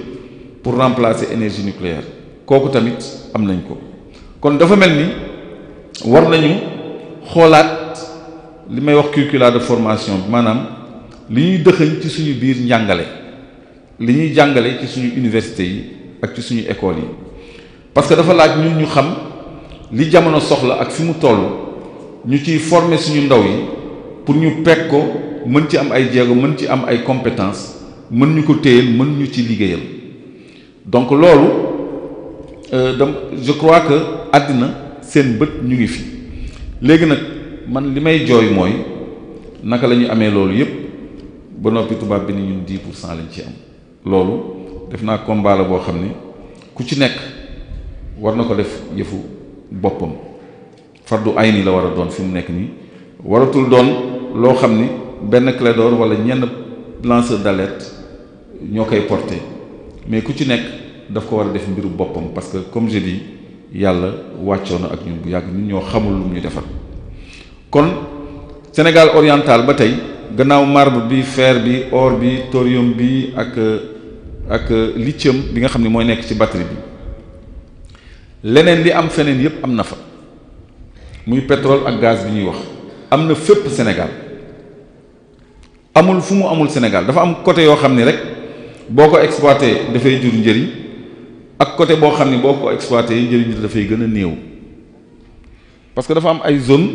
[SPEAKER 3] pour remplacer énergie nucléaire kooku tamit am nañ ko kon dafa mel ni war nañu xoolaat li may wax curricula de formation bi maanaam li ñuy dëxëñ ci suñu biir njàngale li ñuy jàngale ci suñu université yi ak ci suñu école yi parce que dafa laaj ñun ñu xam li jamono soxla ak fi mu toll ñu ci former suñu ndaw yi pour ñu peg ko mën ci am ay jéego mën ci am ay compétence mën ñu ko téyeel mën ñu ci liggéeyal donc loolu euh, dem je crois que àddina seen bët ñu ngi fi léegi nag man li may jooy mooy naka la ñu amee loolu yépp ba noppi tubaab bi ni ñun 10 pour cent lañ ci am loolu def naa combat boo xam ni ku ci nekk war na ko def yëfu boppam fardu ay nii la war a doon fi mu nekk nii waratul doon loo xam ni benn clé d'or wala ñenn lanceur d'alerte ñoo koy porté mais ku ci nekk daf ko war a def mbiru boppam parce que comme je yàlla wàccoon ak ñun bu yàgg ñun ñoo xamul lu ñu defar kon Sénégal oriental ba tey gannaaw marbre bi fer bi or bi thorium bi ak ak lithium bi nga xam ne mooy nekk ci batterie bi leneen li am feneen yépp am na fa muy pétrole ak gaz bi ñuy wax am na fépp Sénégal amul fu mu amul Sénégal dafa am côté yoo xam ni rek boo ko exploité dafay jur njëriñ ak côté boo xam ni boo ko exploité yi njëriñ dafay gën a néew parce que dafa am ay zone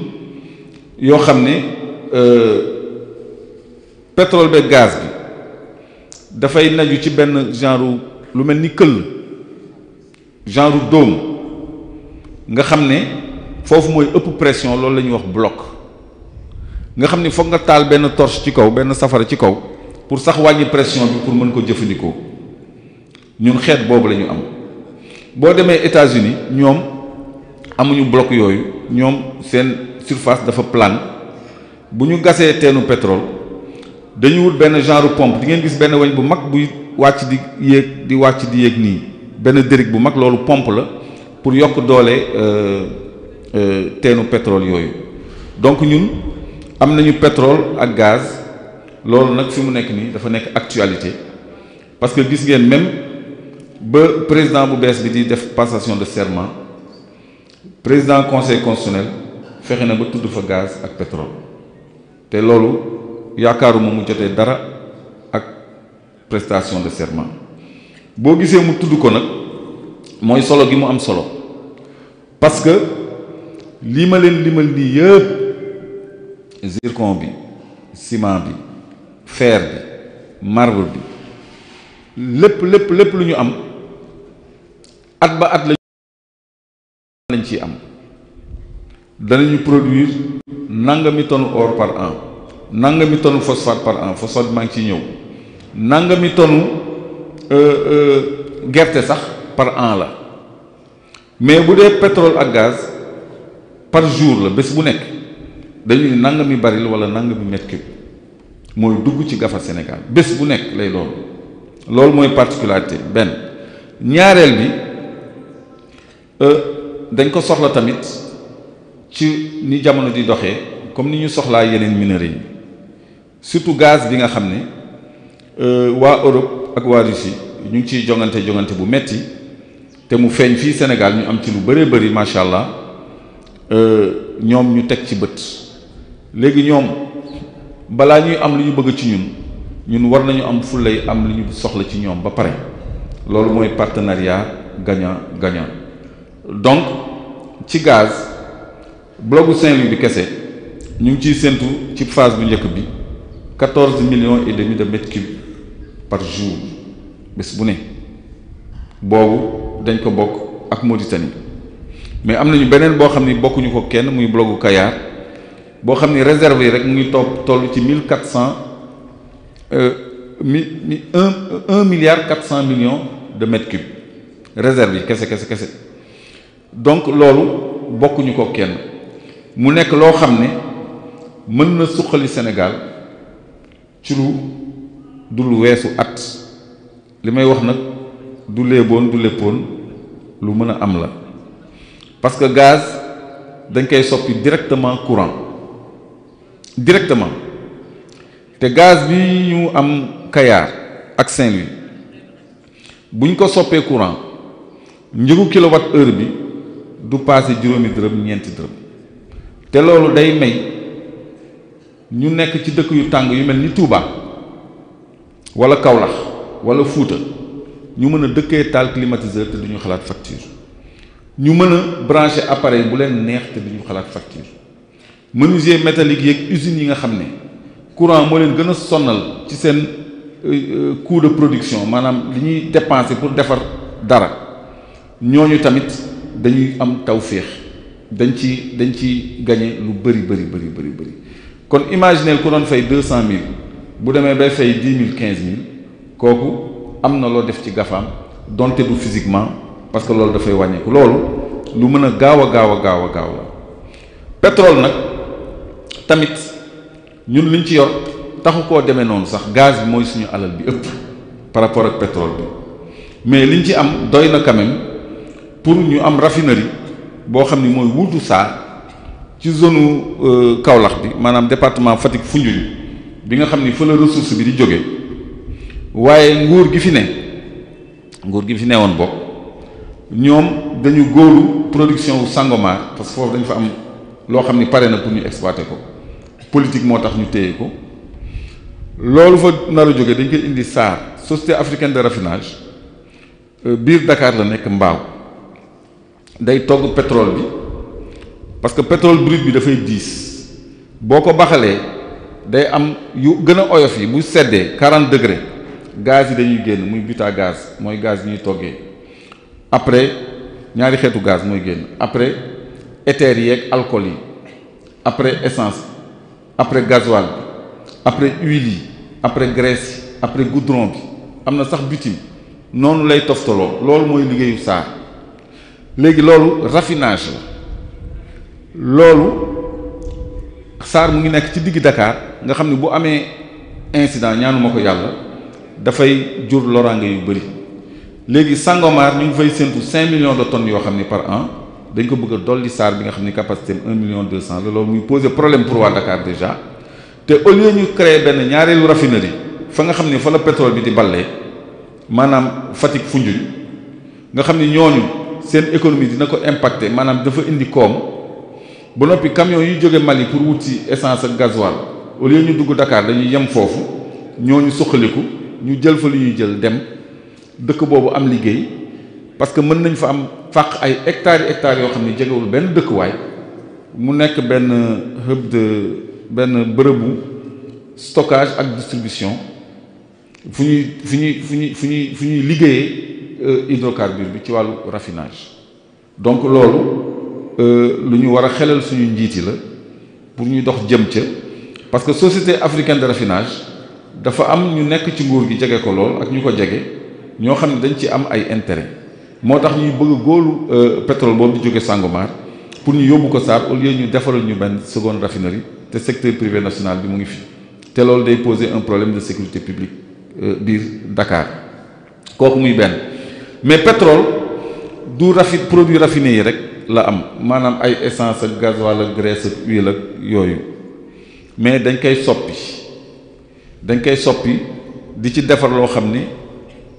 [SPEAKER 3] yoo xam ne euh, pétrole beeg gaz bi dafay naju ci benn genre lu mel ni këll genre dóom nga xam ne foofu mooy ëpp pression loolu la ñuy wax bloc nga xam ne foog nga taal benn torche ci kaw benn safara ci kaw pour sax wàññi pression bi pour mën ko jëfandikoo ñun xeet boobu lañu am boo demee États-Unis ñoom amuñu bloc yooyu ñoom seen surface dafa plane bu ñu gasee teenu pétrole dañu wut benn genre pompe di ngeen gis benn weñ bu mag buy wàcc di yéeg di wàcc di yéeg nii benn déric bu mag loolu pomp la pour yokk doole euh, euh, teenu pétrole yooyu donc ñun am nañu pétrole ak gaz loolu nag fi mu nekk nii dafa nekk actualité parce que gis ngeen même ba président bu bees bi di def passation de serment président conseil constitutionnel fexe na ba tudd fa gaz ak pétrole te loolu yaakaaru mu jotee dara ak prestation de serment boo gisee mu tudd ko nag mooy solo gi mu am solo parce que lii ma leen limal nii yëpp zircon bi ciment bi fer bi marbre bi lépp lépp lépp lu ñu am at ba at la lañ ciy am danañu produire nangami tonne or par an nangami tonne phosphate par an phosphate bi maa ngi ciy ñëw nangami tonne euh, euh, gerte sax par an la mais bu dee pétrole ak gaz par jour la bés bu nekk dañuy ne nangami baril wala nangami mètre cube mooy dugg ci gafa Sénégal bés bu nekk lay doon loolu mooy particularité benn ñaareel bi euh, dañ ko soxla tamit ci ni jamono di doxee comme ni ñu soxlaa yeneen minerais yi surtout gaz bi nga xam ne euh, waa Europe ak waa Russie ñu ngi ciy jongante jongante bu metti te mu feeñ fii Sénégal ñu am ci lu bëree bari macha allah euh, ñoom ñu teg ci bët léegi ñoom balaa ñuy am li ñu bëgg ci ñun ñun war nañu am fullay am li ñu soxla ci ñoom ba pare loolu mooy partenariat gaña gaña donc ci gaz blogu Saint-Louis bi kese ñu ngi ciy séntu ci phase bu njëkk bi million millions et demi de mètres cubes par jour bés bu ne boobu dañ ko bokk ak Mauritanie mais am nañu beneen boo xam ne bokkuñu ko kenn muy blogu Kayar boo xam ni réserve yi rek mu ngi topp toll ci mille quatre cent euh, mi mi un un milliard quatre cent millions de mètres cubes réserve yi kese kese kese donc loolu bokkuñu ko kenn mu nekk loo xam ne mën na suqali Sénégal ci lu dul weesu at li may wax nag du léeboon du léppoon lu mën a am la parce que gaz dañ koy soppi directement courant directement te gaz bi ñu am Kayar ak Saint-Louis bu ñu ko soppee courant njëgu kilowatt heure bi du passé juróomi dërëm ñeenti dërëm te loolu day may ñu nekk ci dëkk yu tàng yu mel ni Touba wala Kaolack wala Fuuta ñu mën a dëkkee taal climatiseur te duñu xalaat facture ñu mën a branché appareil bu leen neex te duñu xalaat facture menuisier métallique yeeg usines yi nga xam ne courant moo leen gën a sonnal ci seen euh, euh, coût de production maanaam li ñuy dépenser pour defar dara ñooñu tamit dañuy am tawféex dañ ci dañ ci gagné lu bëri bëri bëri bëri bëri kon imaginez ku doon fay deux cent mille bu demee bay fay dix quinze mille kooku am na loo def ci gafaam donte du physiquement parce que loolu dafay wàññeeku loolu lu mën a gaaw a gaaw a gaaw a gaaw la pétrole nag tamit ñun liñ ci yor taxu koo demee noonu sax gaz bi mooy suñu alal bi ëpp par rapport ak pétrole bi mais liñ ci am doy na quand pour ñu am rafinari boo xam ni mooy wuutu saa ci zone euh, Kaolack bi maanaam département Fatick Foundiougne bi nga xam ni fa la ressource bi di jóge waaye nguur gi fi ne nguur gi fi ne woon bokk ñoom dañu góolu production wu Sangomar parce que foofu dañu fa am loo xam ni pare na pour ñu exploiter ko politique moo tax ñu téye ko loolu fa nar a dañ koy indi SAR société africaine de raffinage euh, biir Dakar la nekk mbaaw day togg pétrole bi parce que pétrole brut bi dafay diis boo ko baxalee day am yu gën a oyof yi bu seddee quarante degré gaz yi dañuy génn muy buta gaz mooy gaz ñuy toggee après ñaari xeetu gaz mooy génn après éther yi ak yi après essence après gasoil bi après huile yi après graisse yi après goudron bi am na sax bitume noonu lay toftaloo loolu mooy liggéeyu saar léegi loolu raffinage la loolu saar mu ngi nekk ci diggu dakaar nga xam ne bu amee incident ñaanuma ko yàlla dafay jur loraange yu bëri léegi Sangomar ñu ngi fay séntu 5 millions de tonnes yoo xam ni par an dañ ko bëgg a dolli saar bi nga xam ni capacité am 1 million 200 la loolu muy poser problème pour waa Dakar déjà te au lieu ñu créer benn ñaareelu raffinerie fa nga xam ni fa la pétrole bi di ballee maanaam Fatick Foundiougne nga xam ni ñooñu seen économie dina ko impacter maanaam dafa indi koom ba noppi camion yu jóge Mali pour wut si essence ak gasoil au lieu ñu dugg Dakar dañuy yem foofu ñooñu suqaliku. ñu jël fa lu ñu jël dem dëkk boobu am liggéey parce que mën nañ fa am fàq ay hectares hectares yoo xam ne jegewul benn dëkkuwaay mu nekk benn hub de benn bërëbu stockage ak distribution fu ñuy fu ñuy fu ñuy fu ñuy fu ñuy liggéeyee euh, hydrocarbure bi ci wàllu raffinage donc loolu euh, lu ñu war a xelal suñu njiiti la pour ñu dox jëm ca parce que société africaine de raffinage dafa am ñu nekk ci nguur gi jege ko lool ak ñu ko jege ñoo xam ne dañ ci am ay intérêt moo tax ñuy bëgg góolu euh, pétrole boobu di jóge Sangomar pour ñu yóbbu ko Sarr au lieu ñu defaral ñu benn seconde raffinerie te secteur privé national bi mu ngi fi te loolu day poser un problème de sécurité publique euh, biir Dakar kooku muy benn mais pétrole du rafit produit raffiné yi rek la am maanaam ay essence ak gasoil ak graisse ak huile ak yooyu mais dañ koy soppi dañ koy soppi di ci defar loo xam ni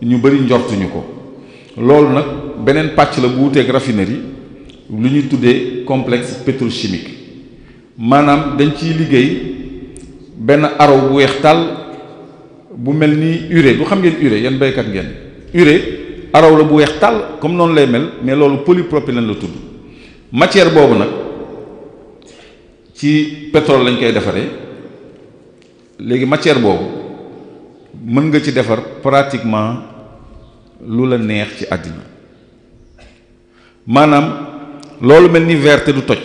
[SPEAKER 3] ñu bëri njortuñu ko loolu nag beneen pàcc la bu wuteeg raffinerie lu ñuy tuddee complexe pétrochimique maanaam dañ ciy liggéey benn araw bu weex tàll bu mel nii urée du xam ngeen urée yenn béykat ngeen ure araw la bu weex tàll comme noonu lay mel mais loolu polypropylène la tudd matière boobu nag ci pétrole lañ koy defaree. léegi matière boobu mën nga ci defar pratiquement lu la neex ci àddina maanaam loolu mel ni verre te du toj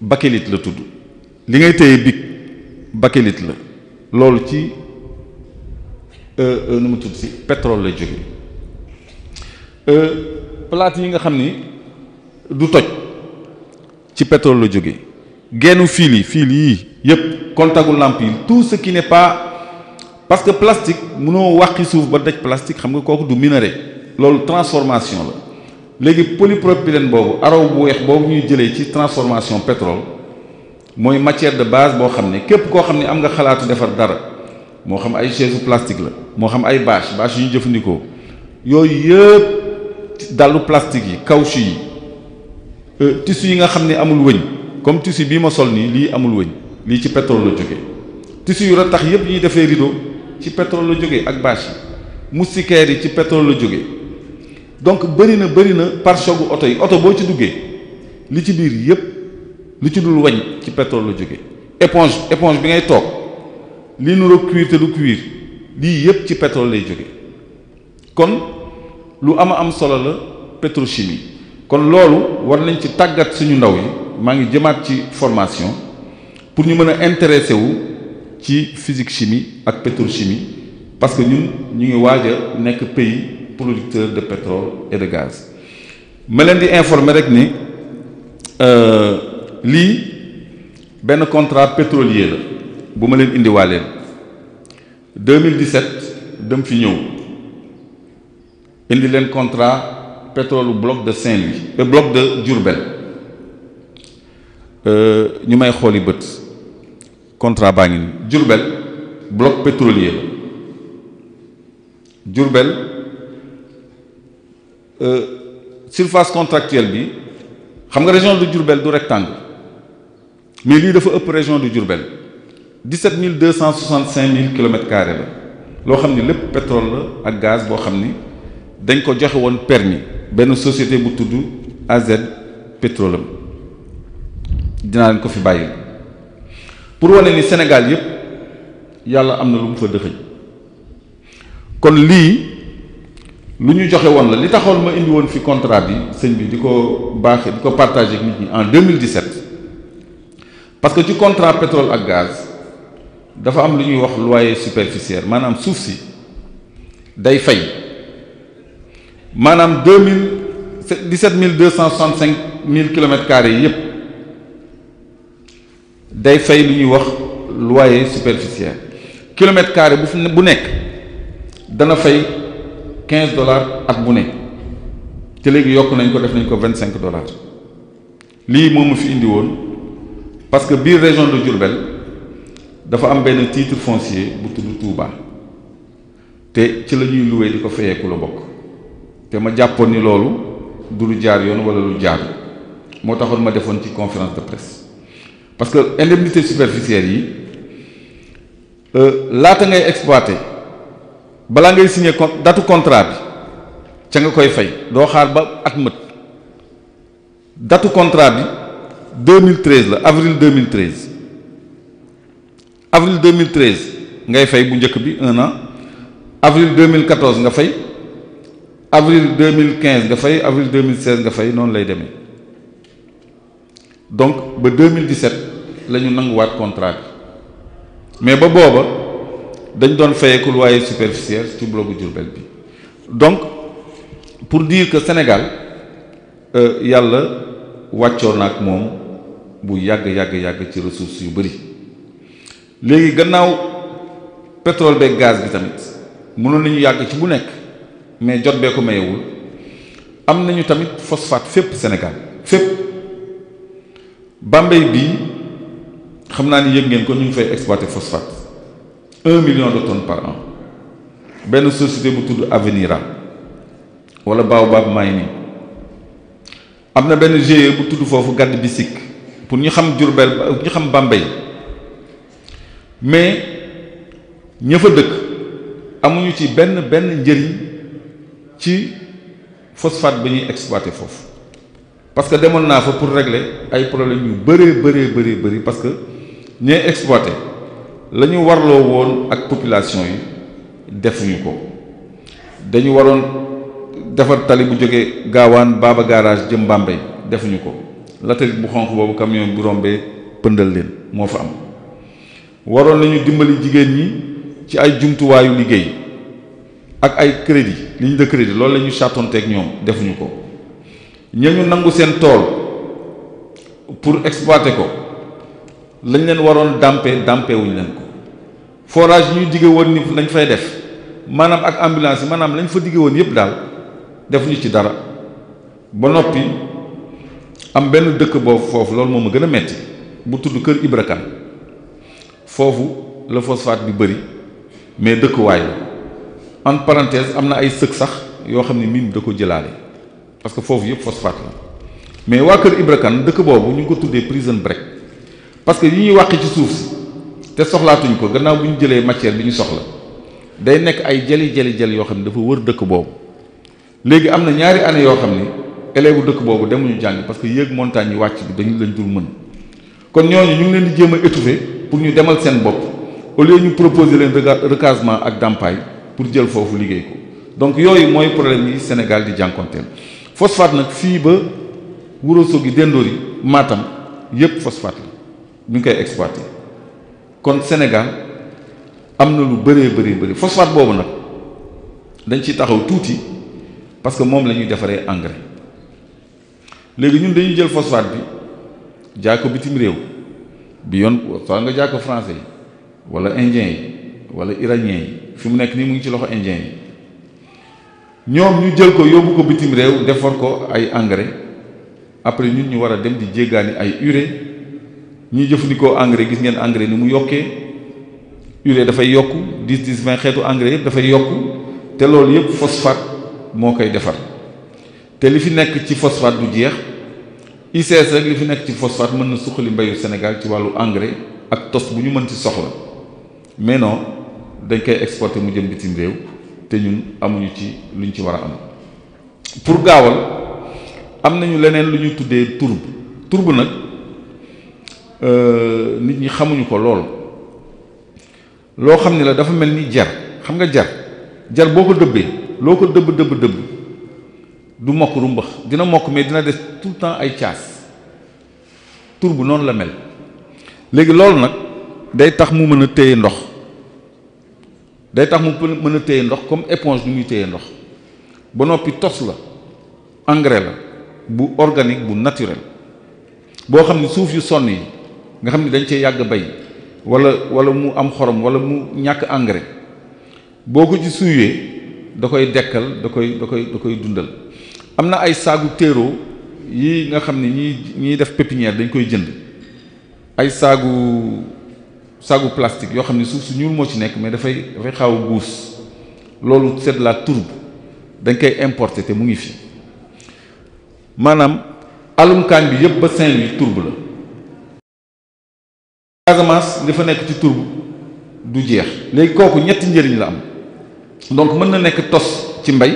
[SPEAKER 3] bakélite la tudd li ngay téye big bakélite la loolu ci euh, euh, nu mu tudd si pétrole la jóge euh, plate yi nga xam ni du toj ci pétrole la jóge geenu fil yi fil yii yëpp kontagu lamp yi tout ce qui n'est pas parce que plastique mënoo wàqi suuf ba daj plastique xam nga kooku du minerai loolu transformation la léegi polypropylène boobu araw bu weex boobu ñuy jëlee ci transformation pétrole mooy matière de base boo xam ne képp koo xam ne am nga xalaatu defar dara moo xam ay chaise plastique la moo xam ay bâche bâche yu ñu jëfandikoo yooyu yëpp dalu plastique yi caoutchouc yi euh, tissu yi nga xam ne amul wëñ comme tissu bii ma sol nii lii amul wëñ lii ci pétrole la jóge tissu yu ratax yépp ñuy defee rideau ci pétrole la jóge ak bâche yi moustiquaire yi ci pétrole la jóge donc bëri na bëri na pare-choc gu oto yi oto boo ci duggee li ci biir yépp li ci dul wañ ci pétrole la jóge éponge éponge bi ngay toog li nuroo cuir te du cuir lii yépp ci pétrole lay jóge kon lu ama am solo la pétrochimie kon loolu war nañ ci tàggat suñu ndaw yi maa ngi jëmaat ci formation pour ñu mën a intéressé wu ci physique chimie ak pétrochimie parce que ñun ñu ngi waaj a nekk pays producteur de pétrole et de gaz ma leen di informer rek ni euh, lii benn contrat pétrolier la bu ma leen indiwaaleel 2017 dem fi ñëw indi leen contrat pétrole bloc de Saint-Louis et euh, bloc de Diourbel Euh, ñu may xooli bët contrat baa ngi nii Diourbel bloc pétrolier Diourbel euh, surface contractuelle bi xam nga région du Diourbel du rectangle mais lii dafa ëpp région du Diourbel dix-sept mille deux cent soixante-cinq mille kilomètres la loo xam ni lépp pétrole la ak gaz boo xam ni dañ ko joxe woon permis benn société bu tudd AZ pétrole dinaa leen ko fi bàyyi pour wane ni Sénégal yépp yàlla am na lu mu fa dëxëñ kon lii lu ñu joxe woon la li taxoon ma indi woon fi contrat bi sëñ bi di ko baaxee di ko partager ak nit ñi en 2017 parce que ci contrat pétrole ak gaz dafa am lu ñuy wax waaye superficiel maanaam suuf si day fay maanaam deux mille dix-sept mille deux cent soixante-cinq mille kilomètres carrés yépp day fay lu ñuy wax loyer superficiel kilomètre carré bu fi bu nekk dana fay quinze dollars at bu ne te léegi yokk nañ ko def nañ ko vingt cinq dollars lii moom ma fi indi woon parce que biir région de Diourbel dafa am benn titre foncier bu tudd Touba te ci la ñuy loué di ko fayeeku la bokk te ma jàppoon ni loolu du lu jaar yoon wala lu jaar moo taxoon ma defoon ci conférence de presse parce que indemnité superficielle yi euh, laata ngay exploiter balaa ngay signer con datu contrat bi ca nga koy fay doo xaar ba at mët datu contrat bi 2013 la avril 2013 avril 2013 ngay fey bu njëkk bi un an avril 2014 nga fay avril 2015 nga fay avril 2016 nga fay noonu lay demee. donc ba 2017 la ñu nanguwaat contrat bi mais ba booba dañ doon fayeeku waaye superficiel ci bloc Diourbel bi donc pour dire que Sénégal euh, yàlla wàccoon ak moom bu yàgg yàgg yàgg ci ressource yu bëri léegi gannaaw pétrole beeg gaz bi tamit mënoon nañu yàgg ci bu nekk mais jot bee ko mayewul am nañu tamit phosphate fépp Sénégal fépp. Bambey bii xam naa ni yëg ngeen ko ñu ngi fay exploiter phosphate un million de tonnes par an benn société bu tudd Avenira wala Baobab Mining am na benn GIE bu tudd foofu gàdd bi sikk pour ñu xam Diourbel ñu xam Bambey mais ña a dëkk amuñu ci benn benn njëriñ ci phosphate bi ñuy exploiter foofu parce que demoon naa fa pour régler ay problème yu bëree bëree bëri bëri parce que ñee exploité la ñu warloo woon ak population yi defuñu ko dañu waroon defar tali bu jógee gaawaan baaba garage jëm Bambey defuñu ko latérite bu xonq boobu camion bu rombee pëndal leen moo fa am waroon nañu dimbali jigéen ñi ci ay jumtuwaayu liggéey ak ay crédit ñu de crédit loolu la ñu sàttonteeg ñoom defuñu ko ña ñu nangu seen tool pour exploité ko lañ leen waroon dàmpe dampe wuñ leen ko forage yi ñu digge woon ni lañ fay def maanaam ak ambulance yi maanaam lañ fa digge woon yëpp daal defuñu ci dara ba noppi am benn dëkk boobu foofu loolu moom a gën a metti bu tudd kër Ibra foofu la phosphate bi bëri mais dëkkuwaay la en am na ay sëg sax yoo xam ne miin da ko jëlaale parce que foofu yëpp phosphate la mais waa kër Ibra dëkk boobu ñu ngi ko tuddee prison break parce que yi ñuy wàq ci suuf si te soxlaatuñu ko gannaaw bu ñu jëlee matière bi ñu soxla day nekk ay jëli jëli jël yoo xam ne dafa wër dëkk boobu léegi am na ñaari année yoo xam ne élèves dëkk boobu demuñu jàng parce que yéeg montagne yi wàcc bi dañu lañ dul mën kon ñooñu ñu ngi leen di jéem a étouffer pour ñu demal seen bopp au lieu ñu proposer leen recasement ak dàmpaay pour jël foofu liggéey donc yooyu mooy problème yi Sénégal di jànkonteel phosphate nag fii ba Wuroso gi Dendori Matam yépp phosphate la ñu ngi koy exploité kon Sénégal am na lu bëree bëri bëri phosphate boobu nag dañ ciy taxaw tuuti parce que moom la ñuy defaree engrais léegi ñun dañuy jël phosphate bi jaay ko bitim réew bi yoon soo nga jaay ko français yi wala indien yi wala iranien yi fi mu nekk nii mu ngi ci loxo indien yi. ñoom ñu jël ko yóbbu ko bitim réew defar ko ay engrais après ñun ñu war a dem di jéggaani ay urée ñuy jëfandikoo engrais gis ngeen engrais ni mu yokkee urée dafay yokk dix dix xeetu engrais yëpp dafay yokk te loolu yëpp phosphate moo koy defar te li fi nekk ci phosphate du jeex ICS rek li fi nekk ci phosphate mën na suqali mbayu Sénégal ci wàllu engrais ak tos bu ñu mën ci soxla mais non dañ koy exporter mu jëm bitim réew. te ñun amuñu ci lu luñ ci war a am pour gaawal am nañu leneen lu ñu tuddee turb turb nag euh, nit ñi xamuñu ko lool loo xam ne la dafa mel ni jar xam nga jar jar boo ko dëbbee loo ko dëbb dëbb dëbb du mokk ru mbax dina mokk mais dina des tout le temps ay caas turb noonu la mel léegi loolu nag day tax mu mën a téye ndox day tax mu mën a téye ndox comme éponge ni muy téye ndox ba noppi tos la engrais la bu organique bu naturel boo xam ne suuf yu sonn yi nga xam ne dañ cee yàgg bay wala wala mu am xorom wala mu ñàkk engrais boo ko ci suywee da koy dekkal da koy da koy koy dundal am na ay saagu terreau yi nga xam ne ñi ñiy def pépinière dañ koy jënd ay saagu sagu plastique yoo xam ne suuf su ñuul moo ci nekk mais dafay dafay xaaw a guus loolu c'est de la tourbe dañ koy importer te mu ngi fi maanaam alumkaan bi yëpp ba Saint-Louis tourbe la Casamance li fa nekk ci tourbe du jeex léegi kooku ñetti njëriñ la am donc mën na nekk tos ci mbay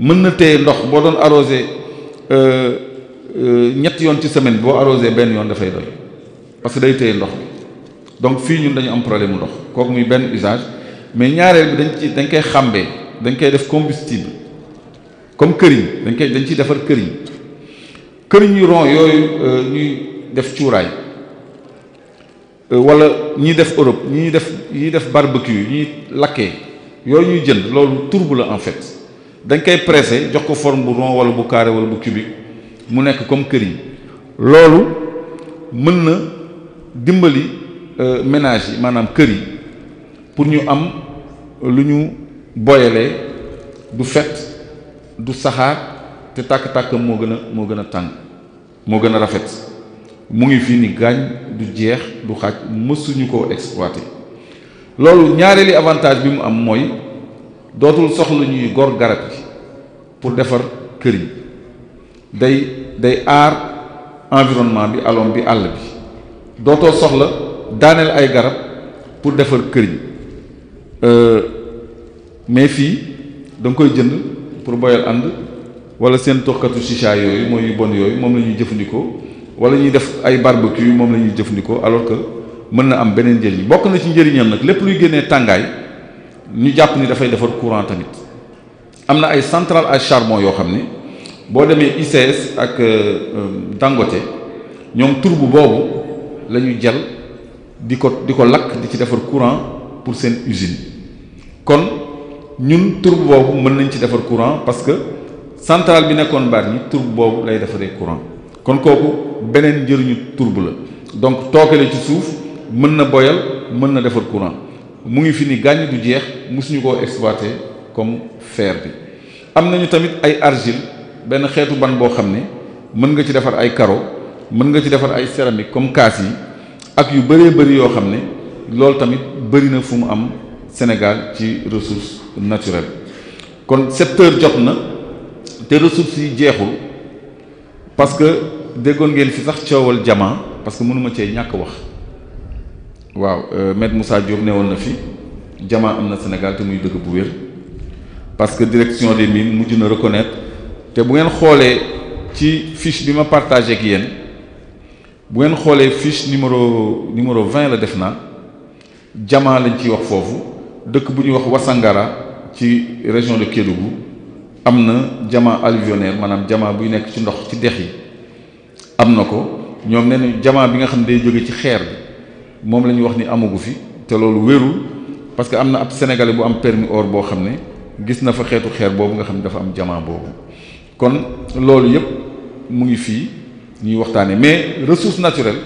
[SPEAKER 3] mën na téye ndox boo doon arrosé euh, euh, ñetti yoon ci semaine boo arrosé benn yoon dafay doy parce que day téye ndox bi donc fii ñun dañu am problème mu ndox kooku muy benn usage mais ñaareel bi dañ ci dañ koy xàmbee dañ koy def combustible comme këriñ dañ koy dañ ciy defar këriñ këriñ yu rond yooyu euh, ñuy def cuuraay euh, wala ñi def Europe ñi def ñi def barbecue ñi lakkee yooyu ñuy jënd loolu tourbe la en fait dañ koy pressé jox ko forme bu rond wala bu carré wala bu cubique mu nekk comme këriñ loolu mën na dimbali. Euh, ménage yi maanaam kër yi pour ñu am lu ñu boyalee du fet du saxaar te tàkk-tàkk moo gën a moo gën a tàng moo gën a rafet mu ngi fii ni gaañ du jeex du xaaj mësuñu koo exploité loolu ñaareeli avantage bi mu am mooy dootul soxla ñuy gor garab gi pour defar kër yi day day aar environnement bi alom bi àll bi dootoo soxla daaneel ay garab pour defar këriñ euh, mais fii da koy jënd pour boyal ànd wala seen toxkatu chicha yooyu mooy yu bon yooyu moom la ñuy jëfandikoo wala ñuy def ay barbecue moom la ñuy jëfandikoo alors que mën na am beneen njëriñ bokk na ci njëriñam nag lépp luy génnee tàngaay ñu jàpp ni dafay defar courant tamit am na ay central à charmon yoo xam ni boo demee ICS ak euh, Dangote ñoom turbu boobu la jal di ko di ko lakk di ci defar courant pour seen usine kon ñun turb boobu mën nañ ci defar courant parce que centrale bi nekkoon baat ñi turb boobu lay defaree courant kon kooku beneen njëriñu turb la donc tookale ci suuf mën na boyal mën na defar courant mu ngi fi ni gàññ du jeex mësuñu koo exploité comme fer bi am nañu tamit ay argile benn xeetu ban boo xam ne mën nga ci defar ay karo mën nga ci defar ay céramique comme kaas yi ak yu bëree bëri yoo xam ne loolu tamit bëri na fu mu am Sénégal ci ressource naturelle kon secteur jot na te ressources yi jeexul parce que déggoon ngeen fi sax coowal jamaa parce que mënuma cee ñàkk wax waaw euh, maître Moussa Diop ne woon na fi jamaa am na Sénégal te muy dëgg bu wér parce que direction de mines mujj na reconnaître te bu ngeen xoolee ci fiche bi ma partagé ak yéen bu ngeen xoolee fiche numéro numéro 20 la def naa jamaa lañ ciy wax foofu dëkk bu ñuy wax Wasangara ci région de Kédougou am na jamaa alluvionnaire maanaam jamaa buy nekk ci ndox ci dex yi am na ko ñoom nee nañ jamaa bi nga xam ne day jóge ci xeer bi moom la ñu wax ni amagu fi te loolu wérul parce que am na ab sénégalais bu am permis or boo xam ne gis na fa xeetu xeer boobu nga xam ne dafa am jamaa boobu kon loolu yépp mu ngi fii ñuy waxtaane mais ressource naturelle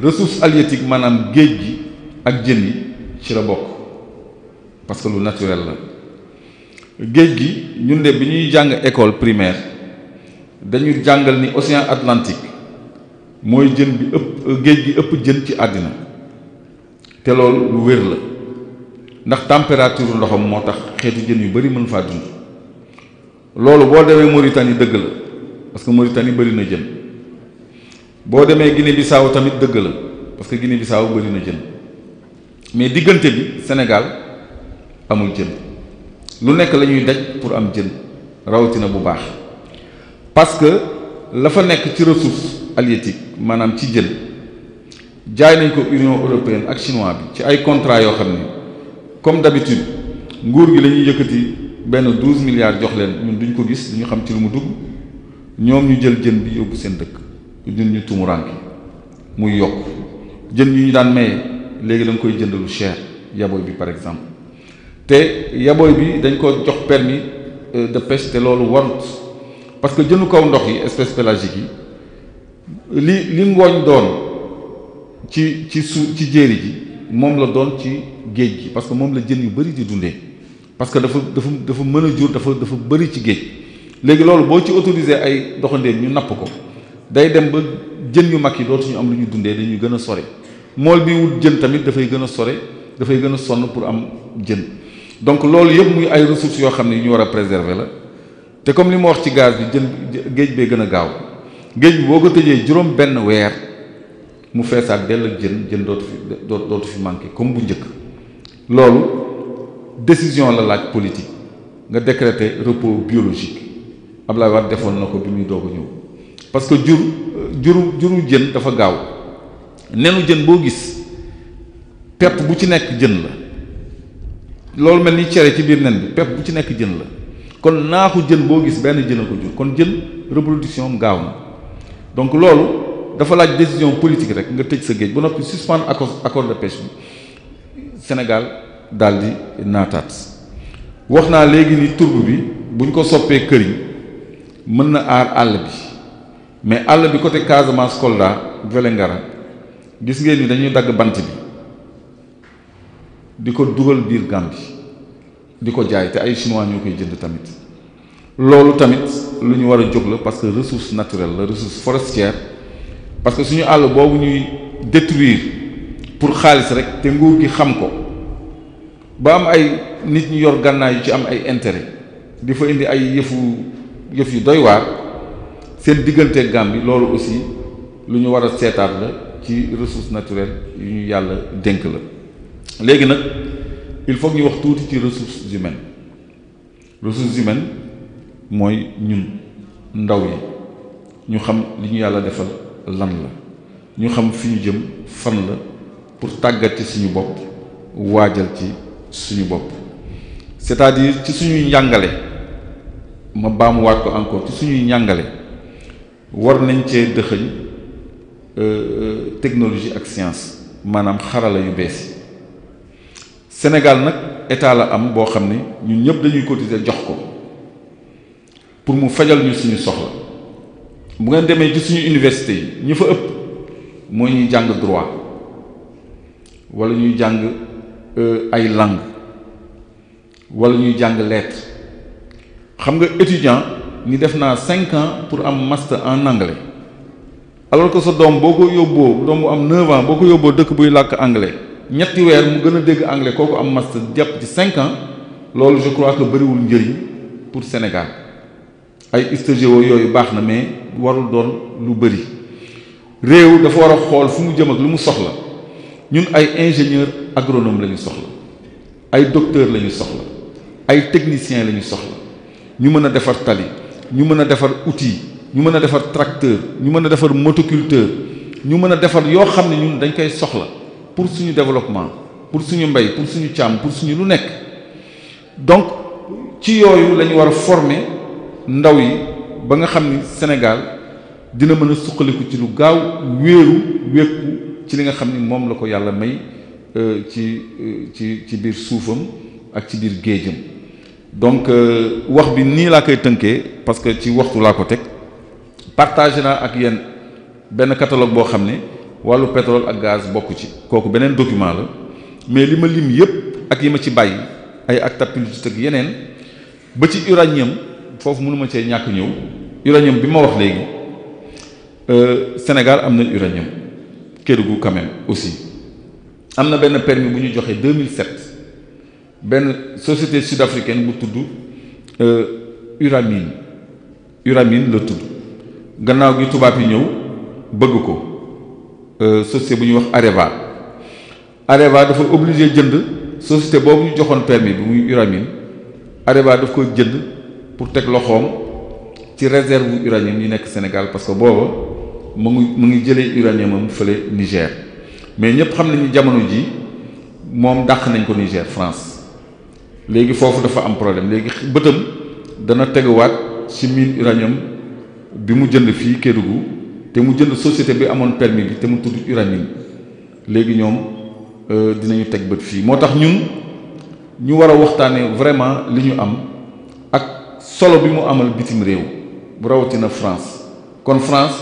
[SPEAKER 3] ressource halieutique maanaam géej gi ak jën yi ci la bokk parce que lu naturel la géej gi ñun bi ñuy jàng école primaire dañu jàngal ni océan Atlantique mooy jën bi ëpp géej gi ëpp jën ci àddina te loolu lu wér la ndax température ndoxam moo tax xeeti jën yu bari mën faa dund loolu boo demee Mauritanie dëgg la parce que Mauritanie bëri na jën boo demee Guinée Bissau tamit dëgg la parce que Guinée Bissau bëri na jën mais diggante bi Sénégal amul jën lu nekk la ñuy daj pour am jën rawatina bu baax parce que la fa nekk ci ressource halieutique maanaam ci jën jaay nañ ko Union européenne ak chinois bi ci ay contrat yoo xam ne comme d'habitude nguur gi la ñuy yëkkati benn douze milliards jox leen ñun duñ ko gis duñu xam ci lu mu dugg ñoom ñu jël jën bi yóbbu seen dëkk ñun ñu tumuraanke muy yokk jën yu ñu daan maye léegi da koy jënd lu cher yaboy bi par exemple te yaboy bi dañ ko jox permis euh, de pêche te loolu warut parce que jënu kaw ndox yi espèce pélagique yi li li ngooñ doon ci ci su ci jéeri ji moom la doon ci géej gi parce que moom la jën yu bëri di dundee parce que dafa dafa dafa mën a jur dafa dafa bëri ci géej léegi loolu boo ci autorisé ay doxandéem ñu napp ko day dem ba jën yu mag yi dootuñu am lu ñu dundee dañuy gën a sore mool bi wut jën tamit dafay gën a sore dafay gën a sonn pour am jën donc loolu yëpp muy ay ressources yoo xam ne yu ñu war a préserver la te comme li ma wax ci gaz bi jën géej bee gën a gaaw géej bi boo ko tëjee juróom benn weer mu feesaat dell ak jën jën dootu fi dootu fi manqué comme bu njëkk loolu décision la laaj politique nga décréter repos biologique Ablaye Wade defoon na ko bi muy doog a ñëw parce que jur juru juru jën dafa gaaw nenu jën boo gis pepp bu ci nekk jën la loolu mel ni cere ci biir nen bi pepp bu ci nekk jën la kon naaxu jën boo gis benn jën a ko jur kon jën reproduction am gaaw na donc loolu dafa laaj décision politique rek nga tëj sa géej ba noppi suspendre accord accord de pêche bi Sénégal daal naataat wax naa léegi ni turb bi buñ ko soppee këriñ mën na aar àll bi mais àll bi côté Casamance Kolda Vélingara gis ngeen ni dañuy dagg bant bi di ko dugal biir Gambie di ko jaay te ay chinois ñoo koy jënd tamit loolu tamit lu ñu war a jóg la parce que ressource naturelle la ressource forestière parce que suñu àll boobu ñuy détruire pour xaalis rek te nguur gi xam ko ba am ay nit ñu yor gànnaay yu ci am ay intérêt di fa indi ay yëfu yëf yu doy waar seen diggante Gàmbi loolu aussi lu ñu war a seetaat la ci ressource naturelle yu ñu yàlla dénk la léegi nag il faut ñu wax tuuti ci ressources humaines ressources humaines mooy ñun ndaw yi ñu xam li ñu yàlla defal lan la ñu xam fi ñu jëm fan la pour tàggat ci suñu bopp waajal ci suñu bopp cest ci suñu njàngale ma baamuwaat ko encore ci suñuy njàngale war nañ cee dëxëñ euh, euh, technologie ak science maanaam xarala yu bees yi Sénégal nag état la am boo xam ne ñu ñëpp dañuy cotiser jox ko pour mu fajal ñu suñu soxla bu ngeen demee ci suñu université yi ñu fa ëpp moo ñuy jàng droit wala ñuy jàng euh, ay langue wala ñuy jàng lettre xam nga étudiant ni def naa cinq ans pour am master en anglais alors que sa doom boo ko yóbboo doom bu am neuf ans boo ko yóbboo dëkk buy làkk anglais ñetti weer mu gën a dégg anglais kooku am master jàpp ci cinq ans loolu je crois que bëriwul njëriñ pour Sénégal ay stagiaires yooyu baax na mais warul doon lu bëri réew dafa war a xool fu mu jëm ak lu mu soxla ñun ay ingénieur agronome la ñu soxla ay docteur la ñu soxla ay technicien la ñu soxla ñu mën a defar tali ñu mën a defar outil ñu mën a defar tracteur ñu mën a defar motoculteur ñu mën a defar yoo xam ne ñun dañ koy soxla pour suñu développement pour suñu mbay pour suñu càmm pour suñu lu nekk donc ci yooyu la ñu war a former ndaw yi ba nga xam ni Sénégal dina mën a suqaliku ci lu gaaw wéeru wékku ci li nga xam ni moom la ko yàlla may euh, ci euh, ci ci biir suufam ak ci biir géejam donc euh, wax bi nii laa koy tënkee parce que ci waxtu laa ko teg partagé naa ak yenn benn catalogue boo xam ne wàllu pétrole ak gaz bokku ci kooku beneen document la mais li ma lim yépp ak yi ma ci bàyyi ay actes politiques ak yeneen ba ci uranium foofu mënuma cee ñàkk ñëw uranium bi ma wax léegi euh, Sénégal am na uranium kër quand même aussi am na benn permis bu ñu joxe 2007 benn société sud-africaine bu tudd euh, Uramine Uramine la tudd gannaaw gi tubaab yi ñëw bëgg ko euh, société bu ñuy wax Areva Areva dafa obligé jënd société boobu ñu joxoon permis bi muy Uramine Areva daf ko jënd pour teg loxoom ci réserve bu uranium yi nekk Sénégal parce que booba mu ngi mu ngi jëlee uranium am fële Niger mais ñëpp xam nañu jamono ji moom dàq nañ ko Niger France. léegi foofu dafa am problème léegi bëtam dana teguwaat ci mine uranium bi mu jënd fii Kédougou te mu jënd société bi amoon permis bi te mu tudd Uramine léegi ñoom euh, dinañu teg bët fii moo tax ñun ñu war a waxtaanee vraiment li ñu am ak solo bi mu amal bitim réew bu rawatina France kon France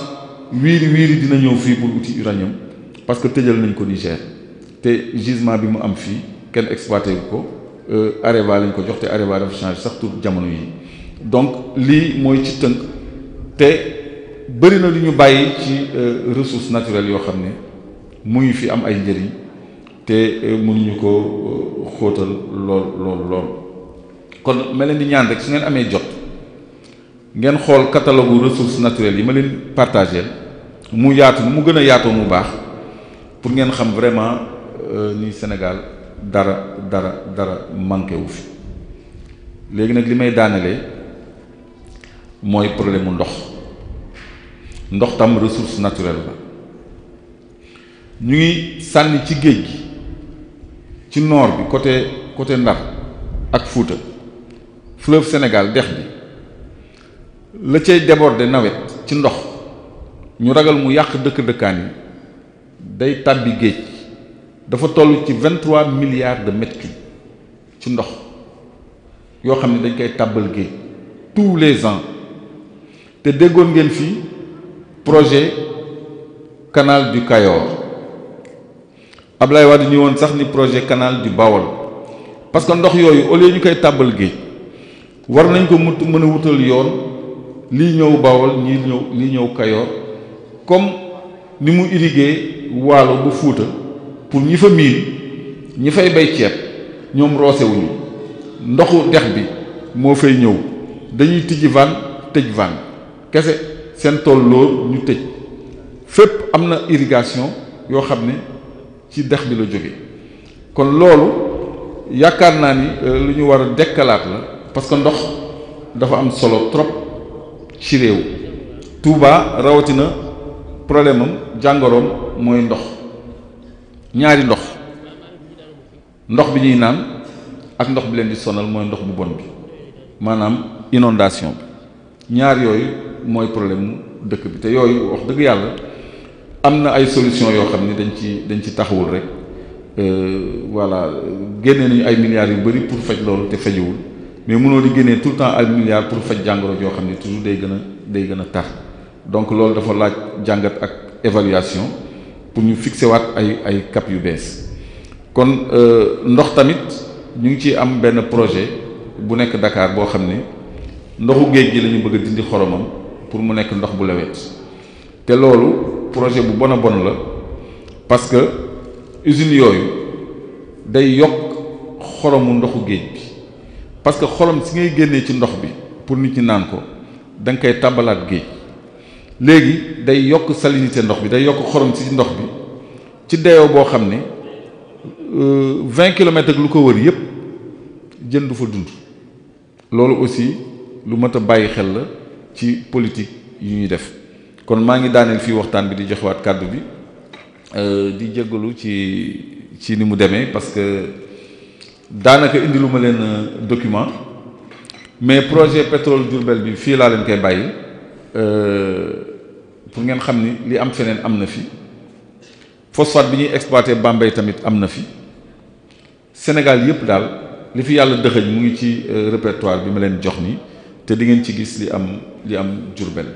[SPEAKER 3] wiiri wiiri dina ñëw fii pour uti uranium parce que tëjal nañ ko Niger te gisement bi mu am fii kenn exploité ko. Euh, Areva lañ ko jox te Areva dafa changé sax tur jamono yi donc lii mooy ci tënk te bëri na lu ñu bàyyi ci euh, ressource naturelles yoo xam ne mu ngi fi am ay njëriñ te euh, mënuñu ko xóotal lool lool lool kon ma leen di ñaan rek su ngeen amee jot ngeen xool catalogue ressources naturelles yi ma leen mu yaatu mu gën a yaatoo mu baax pour ngeen xam vraiment ni Sénégal dara dara dara manqué wu fi léegi nag li may daanale mooy problème mu ndox ndox tam ressource naturelle la ñu ngi sànni ci géej gi ci nord bi côté côté Ndar ak Fuuta fleuve senegal dex bi la cay déborder nawet ci ndox ñu ragal mu yàq dëkk dëkkaan yi day tàbbi géej dafa toll ci vingt-trois milliards de mètres ci ndox yoo xam ne dañ koy tàbbal géej tous les ans te déggoon ngeen fii projet canal du Cayor Ablaye Wade ñu woon sax ni projet kanaal du Bawol parce que ndox yooyu au ñu koy tàbbal géej war nañ ko mut mën a wutal yoon lii ñëw Bawol ñii ñëw lii ñëw Kayoor comme ni mu irrigué waalo bu Fuuta pour ñi fa miin ñi fay bay ceeb ñoom roose wuñu ndoxu dex bi moo fay ñëw dañuy tijji van tëj van kese seen tool lool ñu tëj fépp am na irrigation yoo xam ne ci dex bi la jóge kon loolu yaakaar naa ni euh, lu ñu war a dekkalaat la parce que ndox dafa am solo trop ci réew Touba rawatina problème am jàngoroom mooy ndox ñaari ndox ndox bi ñuy naan ak ndox bi leen di sonal mooy ndox bu bon bi maanaam inondation bi ñaar yooyu mooy problème mu dëkk bi te yooyu wax dëgg yàlla am na ay solution yoo xam ne dañ ci dañ ci taxawul rek euh, voilà génnee nañu ay milliards yu bari pour faj loolu te fajuwul mais munoo di génnee tout le temps ay milliards pour faj jàngoro yoo xam ne toujours day gën a day gën a tax donc loolu dafa laaj jàngat ak évaluation pour ñu fixé waat ay ay cap yu bees kon euh, ndox tamit ñu ngi ci am benn projet bu nekk ndakaar boo xam ne ndoxu géej gi la ñu bëgg a dindi xoromam pour mu nekk ndox bu lewet te loolu projet bu bon a bon la parce que usines yooyu day yokk xoromu ndoxu géej bi parce que xorom si ngay génnee ci ndox bi pour nit ñi naan ko da kay koy tàbbalaat géej léegi day yokk salinité ndox bi day yokk xorom si ndox bi ci dayoo boo xam ne euh, vingt kilomètres ak lu ko wër yépp jën du fa dund loolu aussi lu mat a bàyyi xel la ci politique yu ñuy def kon maa ngi daaneel fii waxtaan bi di joxewaat kàddu bi euh, di jéggalu ci ci ni mu demee parce que daanaka indi lu ma leen euh, document mais projet pétrole Diourbel bi fii laa leen koy bàyyi pour ngeen xam ni li am feneen am na fi phosphate bi ñuy exploité Bambey tamit am na fi Sénégal yépp daal li fi yàlla dëxëñ mu ngi ci euh, répertoire bi ma leen jox nii te di ngeen ci gis li am li am Jurbel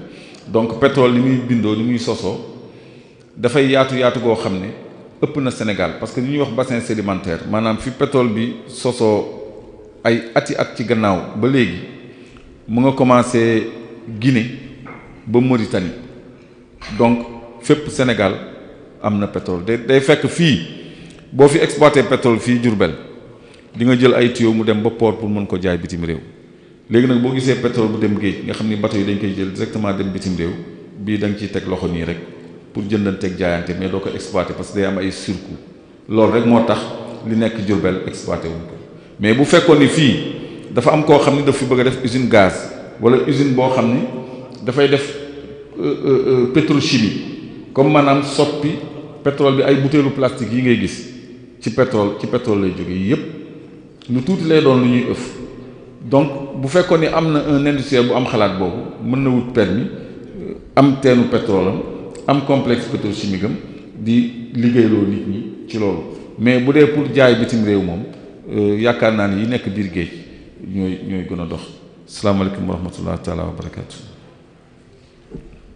[SPEAKER 3] donc pétrole li muy bindoo li muy sosoo dafay yaatu yaatu goo xam ne ëpp na Sénégal parce que li ñuy wax basin sédimentaire maanaam fi pétrole bi sosoo ay ati at ci gannaaw ba léegi mu nga commencé Guinée ba Mauritanie donc fépp Sénégal am na pétrole de day fekk fii boo fi exploité pétrole fii jurbel di nga jël ay tuyau mu dem ba port pour mën ko jaay bitim réew léegi nag boo gisee pétrole bu dem géej nga xam ni bateau yi dañ koy jël directement dem bitim réew bii da nga ciy teg loxo nii rek pour jëndanteeg jaayante mais doo ko exploité parce que day am ay surcoût loolu rek moo tax li nekk Diourbel expoité wuñ mais bu fekkoon ni fii dafa am koo xam ni daf fi bëgg a def usine gaz wala usine boo xam ni dafay def. Euh, euh, euh, pétrochimie comme maanaam soppi pétrole bi ay butéelu plastique yi ngay gis ci pétrole ci pétrole lay jóge yépp lu tuuti lay doon lu ñuy ëf donc bu fekkoon ni am na un industriel bu am xalaat boobu mën na wut permis am teenu pétrole am am complexe pétrochimique am di liggéeyloo nit ñi ci loolu mais bu dee pour jaay bitim réew moom yaakaar naa ni yi nekk biir géej ñooy ñooy gën a dox salaamaaleykum wa rahmatullah taala wa barakaatu.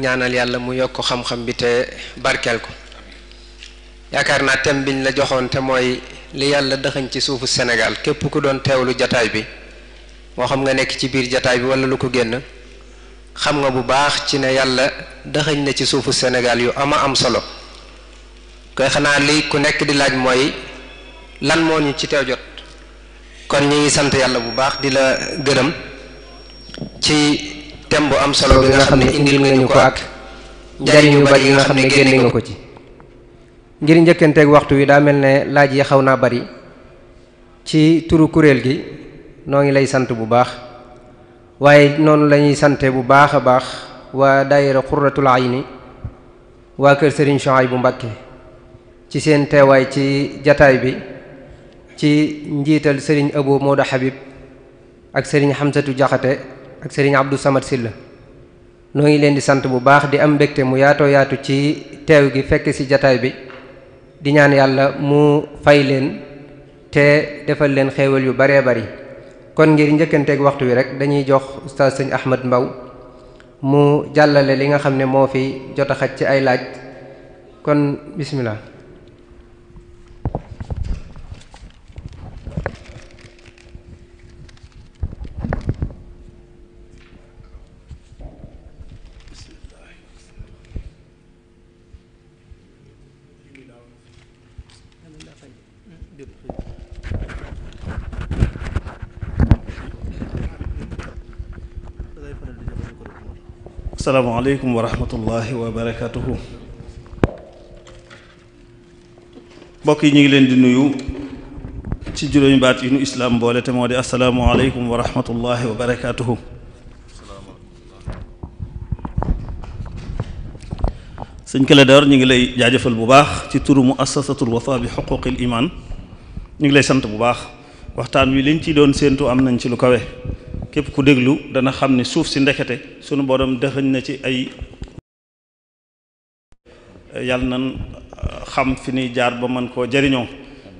[SPEAKER 2] ñaanal yàlla mu yokk xam-xam bi te barkeel ko yaakaar naa thème la joxoon te mooy li yàlla dëxañ ci suufu Sénégal képp ku doon teewlu jataay bi moo xam nga nekk ci biir jataay bi wala lu ko génn xam nga bu baax ci ne yàlla dëxañ na ci suufu Sénégal yu ama am solo koy xanaa li ku nekk di laaj mooy lan moo ñu ci teew jot kon ñu sant yàlla bu baax di la gërëm ci thème bu am solo bi nga xam ne indil nga ko ak njariñ yu bari yi nga xam ne génne ko ci ngir njëkkanteeg waxtu wi daa mel ne laaj yi xaw naa bari ci turu kuréel gi noo ngi lay sant bu baax waaye noonu lañuy sante bu baax a baax waa daayira xurratul ayni waa kër Serigne Chouaïbou Mbacké ci seen teewaay ci jataay bi ci njiital sëriñ Abo Moodu Habib ak Serigne Hamsatu Jaxate ak sëriñ Abdou Samad Sylla noo ngi leen di sant bu baax di am mbégte mu yaatoo yaatu ci teew gi fekk ci jataay bi di ñaan yàlla mu fay leen te defal leen xéewal yu baree bari kon ngir njëkkanteeg waxtu wi rek dañuy jox oustaz sëñ Mbaw mu jàllale li nga xam ne moo fi jot ci ay laaj kon bismillah
[SPEAKER 4] asalaamaaleykum wa rahmatullahi wa barakatuhu mbokk yi ñu ngi leen di nuyu ci juróomi baat yi nu islaam boole te moo di asalaamaaleykum wa rahmatullahi wa barakatuhu sëñ Kelle ñu ngi lay jaajëfal bu baax ci turu muassasatul wafa bi xuquqil iman ñu ngi lay sant bu baax waxtaan wi liñ ci doon séentu am nañ ci lu kawe képp ku déglu dana xam ne suuf si ndekete sunu borom dëxëñ na ci ay yàlla na euh, xam fi nuy jaar ba mën koo jariñoo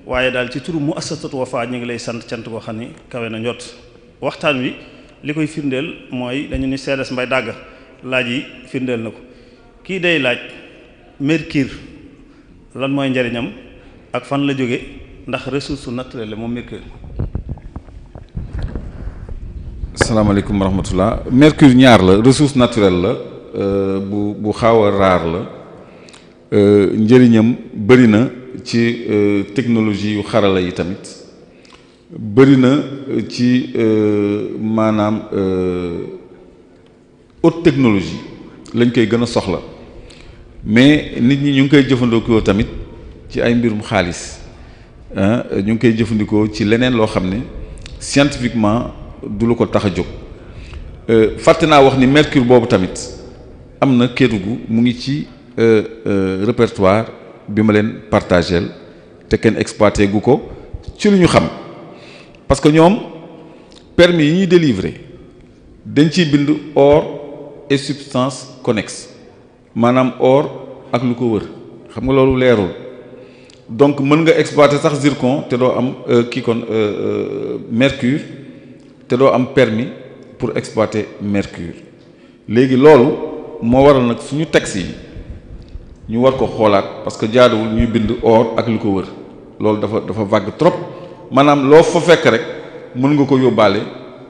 [SPEAKER 4] waaye daal ci turu mu asasatu Wafa ñu ngi lay sant cant koo xam ni kawe na njot waxtaan wi li koy firndeel mooy dañu ni seedes mbay dàgg laaj yi firndeel na ko kii day laaj mercure lan mooy njariñam ak fan la jóge ndax ressource naturelle moom mercure
[SPEAKER 3] salaamaaleykum wa rahmatullah mercure ñaar la ressource naturelle la euh, bu bu xaw a raar la euh, njëriñam bëri na ci euh, technologie yu xarala yi tamit bëri na ci maanaam ot technologie lañ koy gën a soxla mais nit ñi ñu ngi koy jëfandikoo tamit ci ay mbirum xaalis ñu ngi koy jëfandikoo ci leneen loo xam ne scientifiquement du lu ko tax a jóg euh, fàtte naa wax ni mercure boobu tamit am na kétugu mu ngi ci euh, euh, répertoire bi ma leen partagel te kenn exploité gu ko ci lu ñu xam parce que ñoom permis yi ñuy délivré dañ ci bind or et substance maanaam or ak lu ko wër xam nga loolu leerul donc mën nga exploité sax zircon te doo am kii kon mercure te doo am permis pour exploiter mercure léegi loolu moo waral nag suñu taxi yi ñu war ko xoolaat parce que jaaduwul ñuy bind or ak li ko wër loolu dafa dafa vague trop maanaam loo fa fekk rek mën nga ko yóbbaale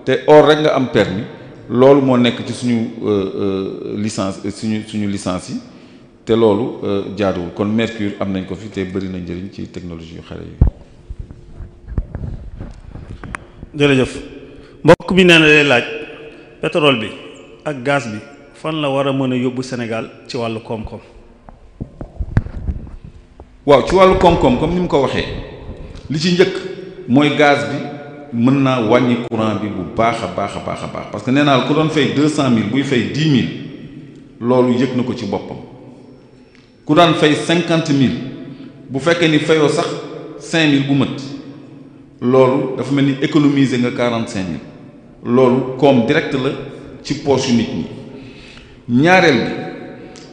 [SPEAKER 3] te or rek nga am permis loolu moo nekk ci suñu euh, euh, licence suñu suñu licence yi te loolu euh, jaaduwul kon mercure am nañ ko fi te bëri na njëriñ ci technologie yu xale
[SPEAKER 4] yi mbokk bi nee na lay laaj pétrole bi ak gaz bi fan la war a mën a yóbbu Sénégal ci wàllu koom-koom.
[SPEAKER 3] waaw ci wàllu koom-koom comme ni mu ko waxee li ci njëkk mooy gaz bi mën naa wàññi courant bi bu baax a baax a baax a baax parce que nee naa la ku doon fay deux cent mille buy fay dix mille loolu yëg na ko ci boppam ku daan fay cinquante mille bu fekkee ni fayoo sax cinq bu mët. loolu dafa mel ni économiser nga quarante cinq loolu comme direct la ci poche yu nit ñi ñaareel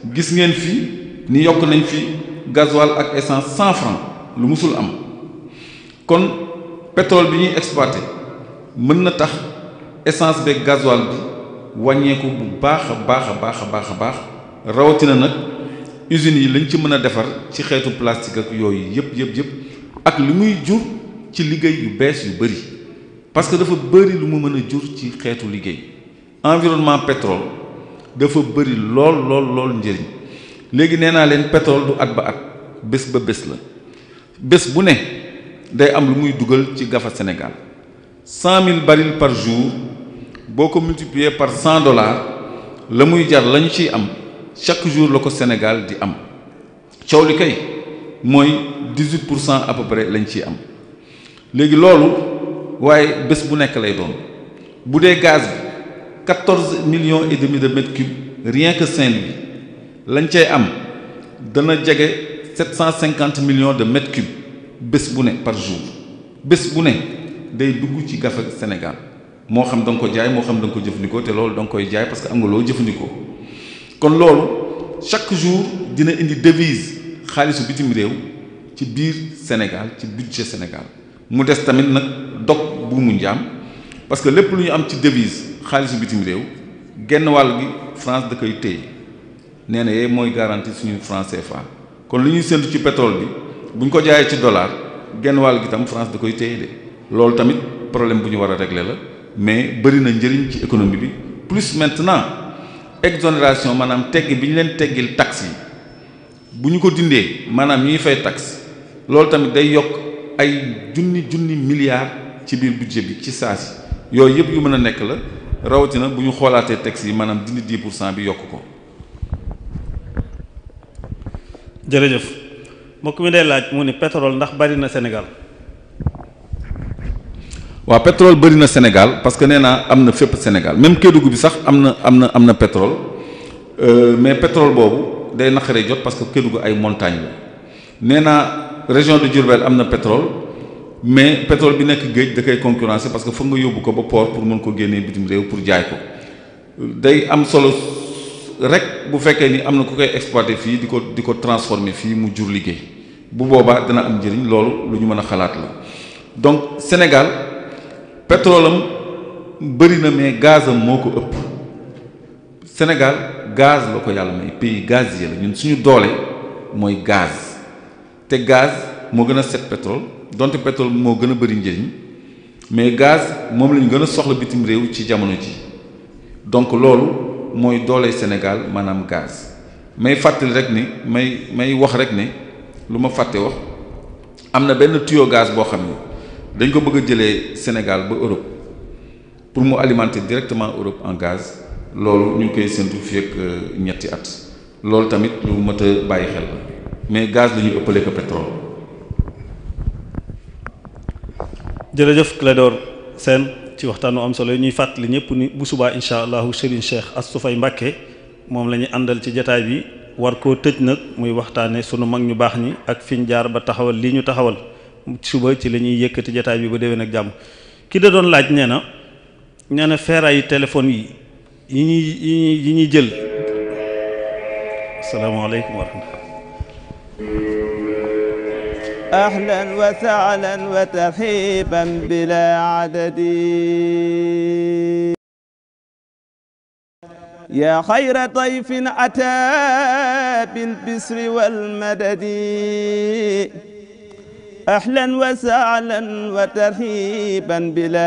[SPEAKER 3] bi gis ngeen fi ni yokk nañ fi gasoil ak essence cent francs lu musul am kon pétrole bi ñuy exploité mën na tax essence beeg gasoil bi wàññeeku bu baax a baax a baax a baax a baax rawatina nag usines yi lañ ci mën a defar ci xeetu plastique ak yooyu yëpp yëpp yëpp ak li muy jur. ci liggéey yu bees yu bëri parce que dafa bëri lu mu mën a jur ci xeetu liggéey environnement pétrole dafa bëri lool lool lool njëriñ léegi nee naa leen pétrole du at ba at bés ba bés la bés bu ne day am lu muy dugal ci gafa Sénégal cent mille barils par jour boo ko multiplier par cent dollars la muy jar la ñu ciy am chaque jour la ko Sénégal di am coow li kay mooy dix-huit pour cent à près lañ ciy am. léegi loolu waaye bés bu nekk lay doon bu dee gaz bi quatorze millions et de mètres cubes rien que saint lañ cay am dana jege sept cent cinquante millions de mètres cubes bés bu ne par jour bés bu ne day dugg ci gafa Sénégal moo xam da ko jaay moo xam da nga ko jëfandikoo te loolu da nga koy jaay parce que am nga loo jëfandikoo kon loolu chaque jour dina indi devise xaalisu bitim réew ci biir Sénégal ci budget Sénégal mu des tamit nag dog bu mu njaam parce que lépp lu ñu am ci devise xaalisu bitim réew genn wàll gi France da koy téye nee na yee mooy garantie suñu franc CFA kon lu ñuy séntu ci pétrole bi bu ñu ko jaayee ci dollar genn wàll gi tam France da koy téye de loolu tamit problème bu ñu war a régler la mais bëri na njëriñ ci économie bi plus maintenant exonération maanaam tegg bi ñu leen teggil taxe yi bu ñu ko dindee maanaam ñuy fay taxe loolu tamit day yokk. ay junni junni milliards ci biir budget bi ci saa si yooyu yëpp yu mën a nekk la rawatina bu ñu xoolaatee texte yi maanaam dindi 10 pour cent bi yokk ko.
[SPEAKER 4] jërëjëf mbokk mi dee laaj mu ni pétrole ndax bari na Sénégal.
[SPEAKER 3] waaw pétrole bëri na Sénégal parce que nee naa am na fépp Sénégal même Kédougou bi sax am na am na am na pétrole euh, mais pétrole boobu day naqaree jot parce que Kédougou ay montagne la nee région de Diourbel am na pétrole mais pétrole bi nekk géej da koy concurrencer parce que foog nga yóbbu ko ba port pour mën ko génnee bitim réew pour jaay ko day am solo rek bu fekkee ni am na ku koy exploiter fii di ko di ko transformer fii mu jur liggéey bu boobaa dana am njëriñ loolu lu ñu mën a xalaat la donc Sénégal pétrole am bëri na mais gaz am moo ko ëpp Sénégal gaz la ko yàlla may gaz gazier la ñun suñu doole mooy gaz. te gaz moo gën a set pétrole donte pétrole moo gën a bëri njëriñ mais gaz moom lañu gën a soxla bitim réew ci jamono ji donc loolu mooy doole Sénégal maanaam gaz may fàttali rek ni may may wax rek ni lu ma fàtte wax am na benn tuyau gaz boo xam ne dañ ko bëgg a jëlee Sénégal ba Europe pour mu alimenter directement Europe en gaz loolu ñu ngi koy séntu fii ak euh, ñetti at loolu tamit lu mat bàyyi xel la mais gaz la ñuy ëppale ko pétrole.
[SPEAKER 4] jërëjëf Clédor Sène ci waxtaanu am solo yi ñuy fàttali ñëpp ni bu subaa incha allahu Serigne Cheikh Astou Faye Mbacké moom la ñu àndal ci jataay bi war koo tëj nag muy waxtaane sunu mag ñu baax ni ak fiñ jaar ba taxawal lii ñu taxawal suba ci la ñuy yëkkati jataay bi ba déwén nag jàmm ki da doon laaj nee na nee na feeraayu téléphone yi yi ñuy yi ñuy jël
[SPEAKER 1] asalaamaaleykum wa rahmatulah أهلا وسهلا وترحيبا بلا عدد يا خير ضيف أتى بالبسر والمدد أهلا وسهلا وترحيبا بلا